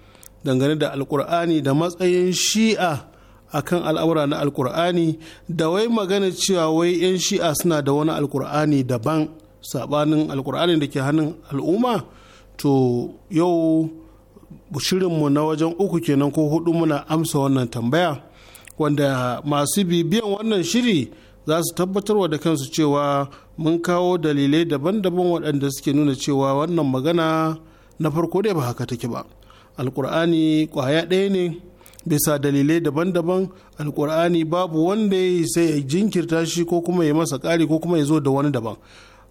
dangane da alkur'ani da matsayin shi'a akan al'amura na alkur'ani da wai magana cewa wai 'yan shi'a suna da wani alkur'ani daban sabanin alkur'ani da ke hannun al'umma to yau shirinmu na wajen uku kenan ko hudu muna amsa wannan tambaya wanda masu bibiyan wannan shiri za su wa da kansu cewa mun kawo dalilai daban-daban waɗanda suke nuna cewa wannan magana na farko dai ba haka take ba alkur'ani ƙwaya ɗaya ne bisa dalilai daban-daban alkur'ani babu wanda ya sai ya jinkirta shi ko kuma ya masa ƙari ko kuma ya zo da wani daban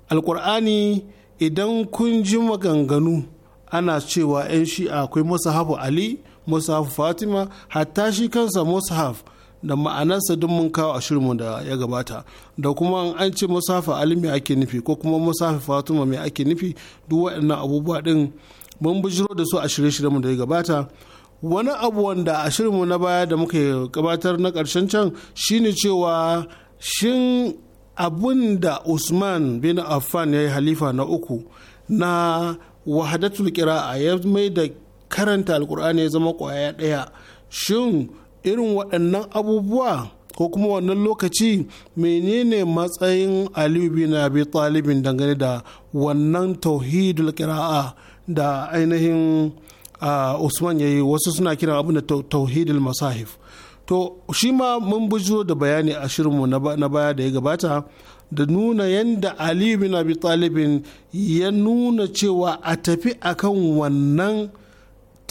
alkur'ani idan kun ji maganganu ana cewa 'yan shi'a akwai musahafu ali musahafu fatima hatta shi kansa musahaf da ma'anarsa duk mun kawo a da ya gabata da kuma an ce musahafu ali mai ake nufi ko kuma musahafu fatima mai ake nufi duk waɗannan abubuwa ɗin mun bijiro da su a shirye-shiryenmu da ya gabata wani abu wanda a shirinmu na baya da muka gabatar na karshen can shine cewa shin abun da usman bin affan ya yi halifa na uku na wahadatul kira'a ya mai da karanta alkur'ani ya zama kwaya ɗaya shin irin waɗannan abubuwa ko kuma wannan lokaci menene matsayin aliyu bin abi talibin dangane da wannan tauhidul kira'a da ainihin Uh, usman ya yi wasu suna kiran abin da tauhidul masahif to shi ma mun bujo da bayani a shirinmu na baya da ya gabata da nuna yadda ali bin abi talibin ya nuna cewa a tafi akan wannan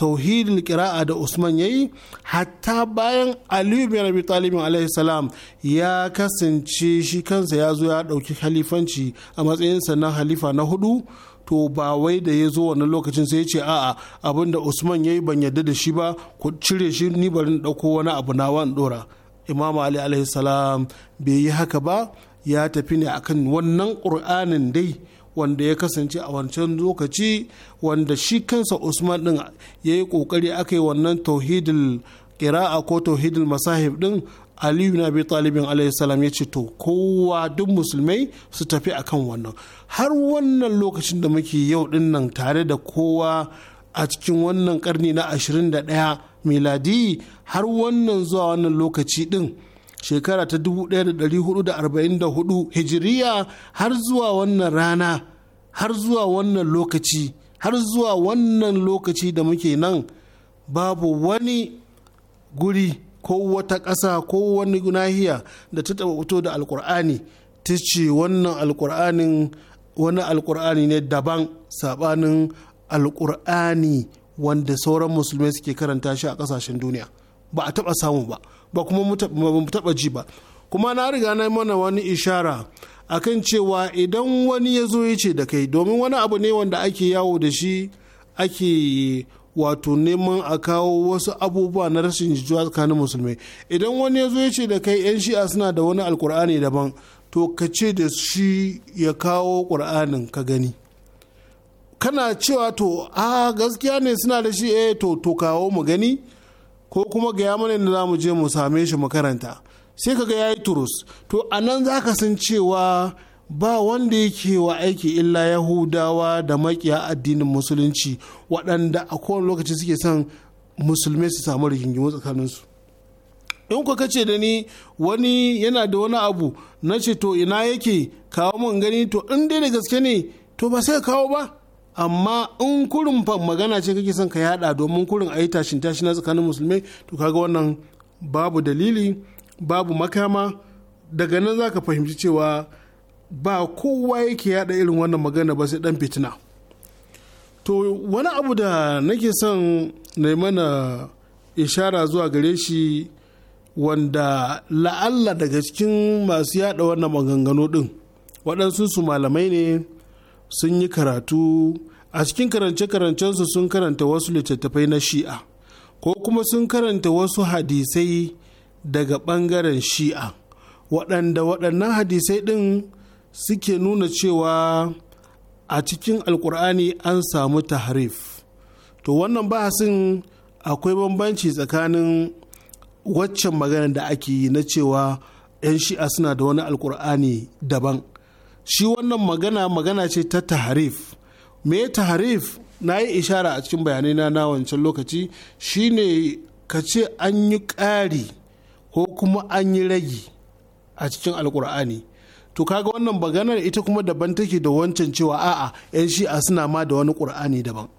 tauhidin kira'a da Usman ya yi hatta bayan Aliyu bin Abi Talib alaihi salam ya kasance shi kansa ya zo ya dauki khalifanci a matsayinsa na halifa na hudu to ba wai da ya zo wannan lokacin sai ya ce a'a abin da Usman yi ban yarda da shi ba ku cire shi ni barin dauko wani abu na wan dora Imam Ali alaihi salam bai yi haka ba ya tafi ne akan wannan Qur'anin dai wanda ya kasance a wancan lokaci wanda shi kansa usman din ya yi kokari aka yi wannan tauhidul kira'a ko tauhidul masahib din aliyu na bi talibin alayhi salam ya ce to kowa duk musulmai su tafi akan wannan har wannan lokacin da muke yau din nan tare da kowa a cikin wannan karni na 21 miladi har wannan zuwa wannan lokaci din shekara ta 1444 hijiriya har zuwa wannan rana har zuwa wannan lokaci har zuwa wannan lokaci da muke nan babu wani guri ko wata ƙasa ko wani nahiya da ta taba fito da alkur'ani ta ce wannan alkur'anin wani alkur'ani ne daban saba'nin alkur'ani wanda sauran musulmai suke karanta shi a ƙasashen duniya ba a taɓa samu ba ba kuma mu taba ji ba kuma na riga na yi mana wani ishara akan cewa idan wani ya zo ya ce da kai domin wani abu ne wanda ake yawo da shi ake wato neman a kawo wasu abubuwa na rashin jituwa tsakanin musulmai idan wani ya zo ya ce da kai 'yan shi'a suna da wani alkur'ani daban to ka ce da shi ya kawo ƙur'anin ka gani kana cewa to a ah, gaskiya ne suna da shi eh to to kawo mu gani ko kuma gaya mana da za mu je mu same shi mu karanta sai kaga ya yi turus to a nan za ka san cewa ba wanda yake wa aiki illa yahudawa da makiya addinin musulunci waɗanda a kowane lokaci suke son musulmi su samu rigingimu tsakaninsu in kuka ce da ni wani yana da wani abu na ce to ina yake kawo mun gani to in dai da gaske ne to ba sai ka kawo ba amma in kurin magana ce kake son ka yada domin kurin a yi tashin tashi na tsakanin musulmai to kaga wannan babu dalili babu makama daga nan za ka fahimci cewa ba kowa yake yada irin wannan magana ba sai dan fitina to wani abu da nake son na mana ishara zuwa gare shi wanda la'alla daga cikin masu yada wannan maganganu din waɗansu su malamai ne sun yi karatu a cikin karance-karancensu sun karanta wasu littattafai na shi'a ko kuma sun karanta wasu hadisai daga ɓangaren shi'a waɗanda waɗannan hadisai ɗin suke nuna cewa a cikin alkur'ani an samu tahrif to wannan bahasin akwai bambanci tsakanin waccan magana da ake yi na cewa 'yan shi'a suna da wani alkur'ani daban shi wannan magana magana ce ta taharif me taharif na yi ishara a cikin bayanai na na wancan lokaci shine ka ce an yi ƙari ko kuma an yi ragi a cikin alkur'ani to kaga wannan maganar ita kuma daban take da wancan cewa a'a 'yan shi'a suna ma da wani ƙur'ani daban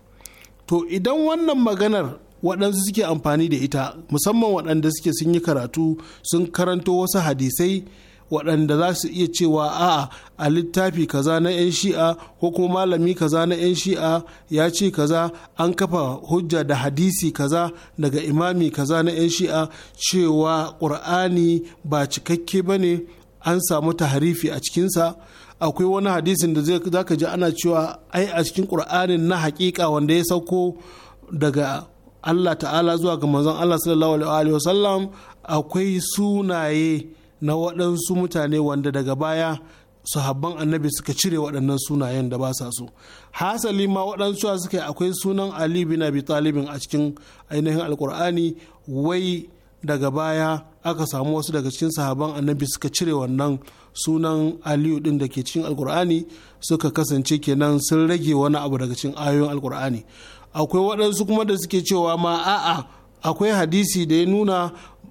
to idan wannan maganar waɗansu suke amfani da ita musamman waɗanda suke sun yi karatu sun karanto wasu hadisai waɗanda za su iya cewa a'a a littafi kaza na 'yan shi'a ko kuma malami kaza na 'yan shi'a ya ce kaza an kafa hujja da hadisi kaza daga imami kaza na 'yan shi'a cewa ƙur'ani ba cikakke ba ne an samu taharifi a cikinsa akwai wani hadisin da za ka ji ana cewa ai a cikin ƙur'anin na hakika wanda ya sauko daga Allah ta'ala zuwa ga manzon Allah sallallahu alaihi wasallam akwai sunaye na waɗansu mutane wanda daga baya sahabban annabi suka cire waɗannan sunayen da ba sa so hasali ma waɗansu suka yi akwai sunan ali bin abi talibin a cikin ainihin alkur'ani wai daga baya aka samu wasu daga cikin sahaban annabi suka cire wannan sunan aliyu ɗin da ke cikin alkur'ani suka kasance kenan sun rage wani abu daga cikin ayoyin alkur'ani akwai waɗansu kuma da suke cewa ma a'a akwai hadisi da ya nuna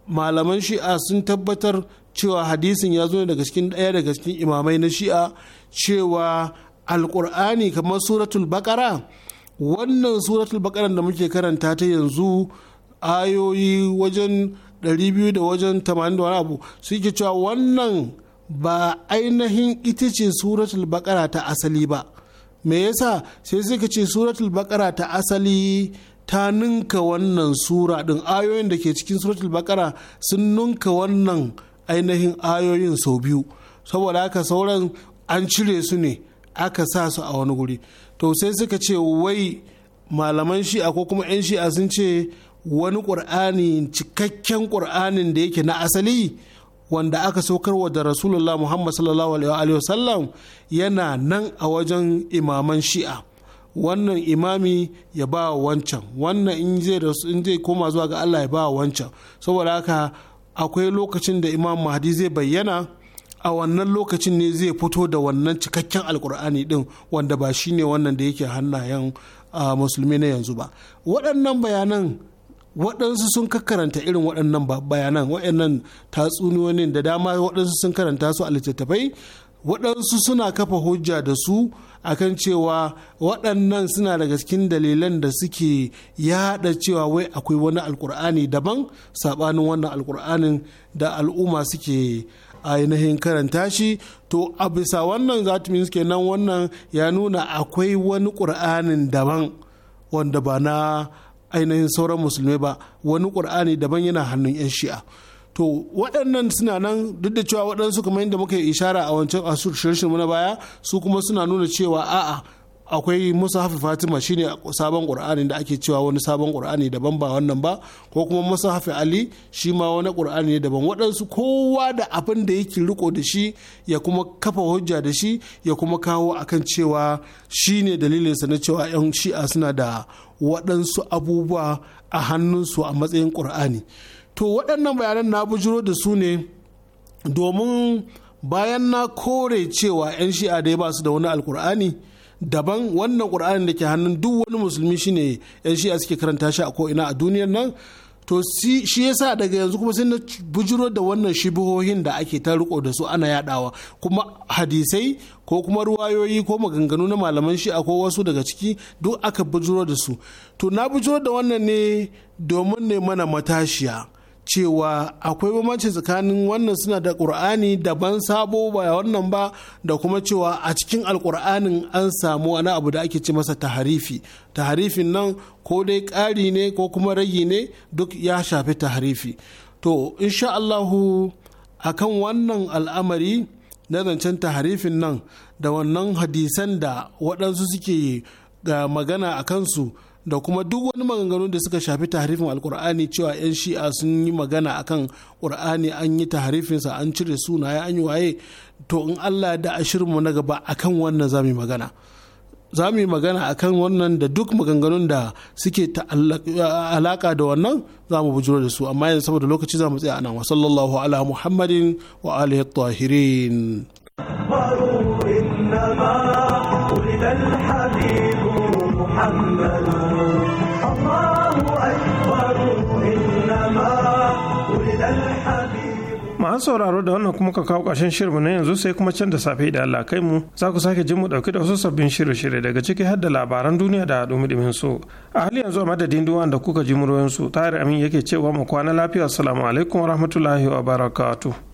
malaman shi'a sun tabbatar cewa hadisin ya zo daga cikin ɗaya daga cikin imamai na shi'a cewa alkur'ani kamar suratul bakara wannan suratul bakara da muke karanta ta yanzu ayoyi wajen 200 da wajen 80 abu suke cewa wannan ba ainihin ita ce suratul bakara ta asali ba me yasa sai suka ce suratul bakara ta asali ta ninka wannan sura din ayoyin da ke cikin suratul bakara sun ninka wannan ainihin ayoyin sau biyu saboda haka sauran an cire su ne aka sa su a wani guri to sai suka ce wai malaman shi'a ko kuma 'yan shi'a sun ce wani ƙur'ani cikakken ƙur'anin da yake na asali wanda aka saukar wa da rasulullah muhammad sallallahu alaihi wasallam yana nan a wajen imaman shi'a wannan imami ya ba wancan wannan in zai koma zuwa ga allah ya ba wancan saboda haka akwai lokacin da imam mahdi zai bayyana a wannan lokacin ne zai fito da wannan cikakken alkur'ani din wanda ba shi ne wannan da yake hannayen musulmi na yanzu ba waɗannan bayanan waɗansu sun karanta irin waɗannan bayanan waɗannan tatsuniyoyin da dama waɗansu sun karanta su a littattafai waɗansu suna kafa hujja da su akan cewa waɗannan suna daga cikin dalilan da suke yaɗa cewa wai akwai wani alkur'ani daban saɓanin wannan alkur'anin da al'umma suke ainihin karanta shi to a bisa wannan zatumin suke nan wannan ya nuna akwai wani ƙur'anin daban wanda ba na ainihin sauran musulmi ba wani ƙur'ani daban yana hannun 'yan shi'a to waɗannan suna nan duk da cewa waɗansu kamar yadda muka yi ishara a wancan a mu na baya su kuma suna nuna cewa a'a akwai hafi fatima shine sabon qur'ani da ake cewa wani sabon qur'ani daban ba wannan ba ko kuma hafi ali shi ma wani qur'ani ne daban waɗansu kowa da abin da yake riko da shi ya kuma kafa hujja da shi ya kuma kawo akan cewa shine dalilinsa na cewa yan shi'a suna da waɗansu abubuwa a hannunsu a matsayin qur'ani to waɗannan bayanan na bujiro da su ne domin bayan na kore cewa 'yan shi'a dai ba su da wani alkur'ani daban wannan ƙur'anin da ke hannun duk wani musulmi shine 'yan shi'a suke karanta shi a ko'ina a duniyar nan to shi yasa daga yanzu kuma sai na bujiro da wannan shibihohin da ake ta riko da su ana yadawa kuma hadisai ko kuma ruwayoyi ko maganganu na malaman shi ko wasu daga ciki duk aka bujiro da su to na bujiro da wannan ne domin ne mana matashiya cewa akwai bambanci tsakanin wannan suna da ƙur'ani daban sabo ba wannan ba da kuma cewa a cikin alƙur'anin an samu wani abu da ake ci masa taharifi taharifin nan ko dai ƙari ne ko kuma rage ne duk ya shafi taharifi to insha Allahu akan wannan al'amari na zancen taharifin nan da wannan hadisan da waɗansu suke ga eh, magana a kansu da kuma duk wani maganganu da suka shafi tarifin alkur'ani cewa 'yan shi'a sun yi magana akan kur'ani an yi tahrifinsa an cire sunaye an yi waye to in allah da ashirinmu na gaba akan wannan za mu magana za mu yi magana akan wannan da duk maganganun da suke alaka da wannan za mu bujiro da su amma yanzu saboda lokaci za mu tsaya anan wa sallallahu ala muhammadin wa alihi tahirin محمد an sauraro da wannan kuma ka kawo ƙarshen shirinmu na yanzu sai kuma can da safe da Allah kai mu za ku sake jin mu ɗauki da wasu sabbin shirye-shirye daga ciki har da labaran duniya da haɗu dumi su a hali yanzu a madadin duwan da kuka ji muryoyin su tare amin yake cewa mu kwana lafiya assalamu alaikum wa barakatu.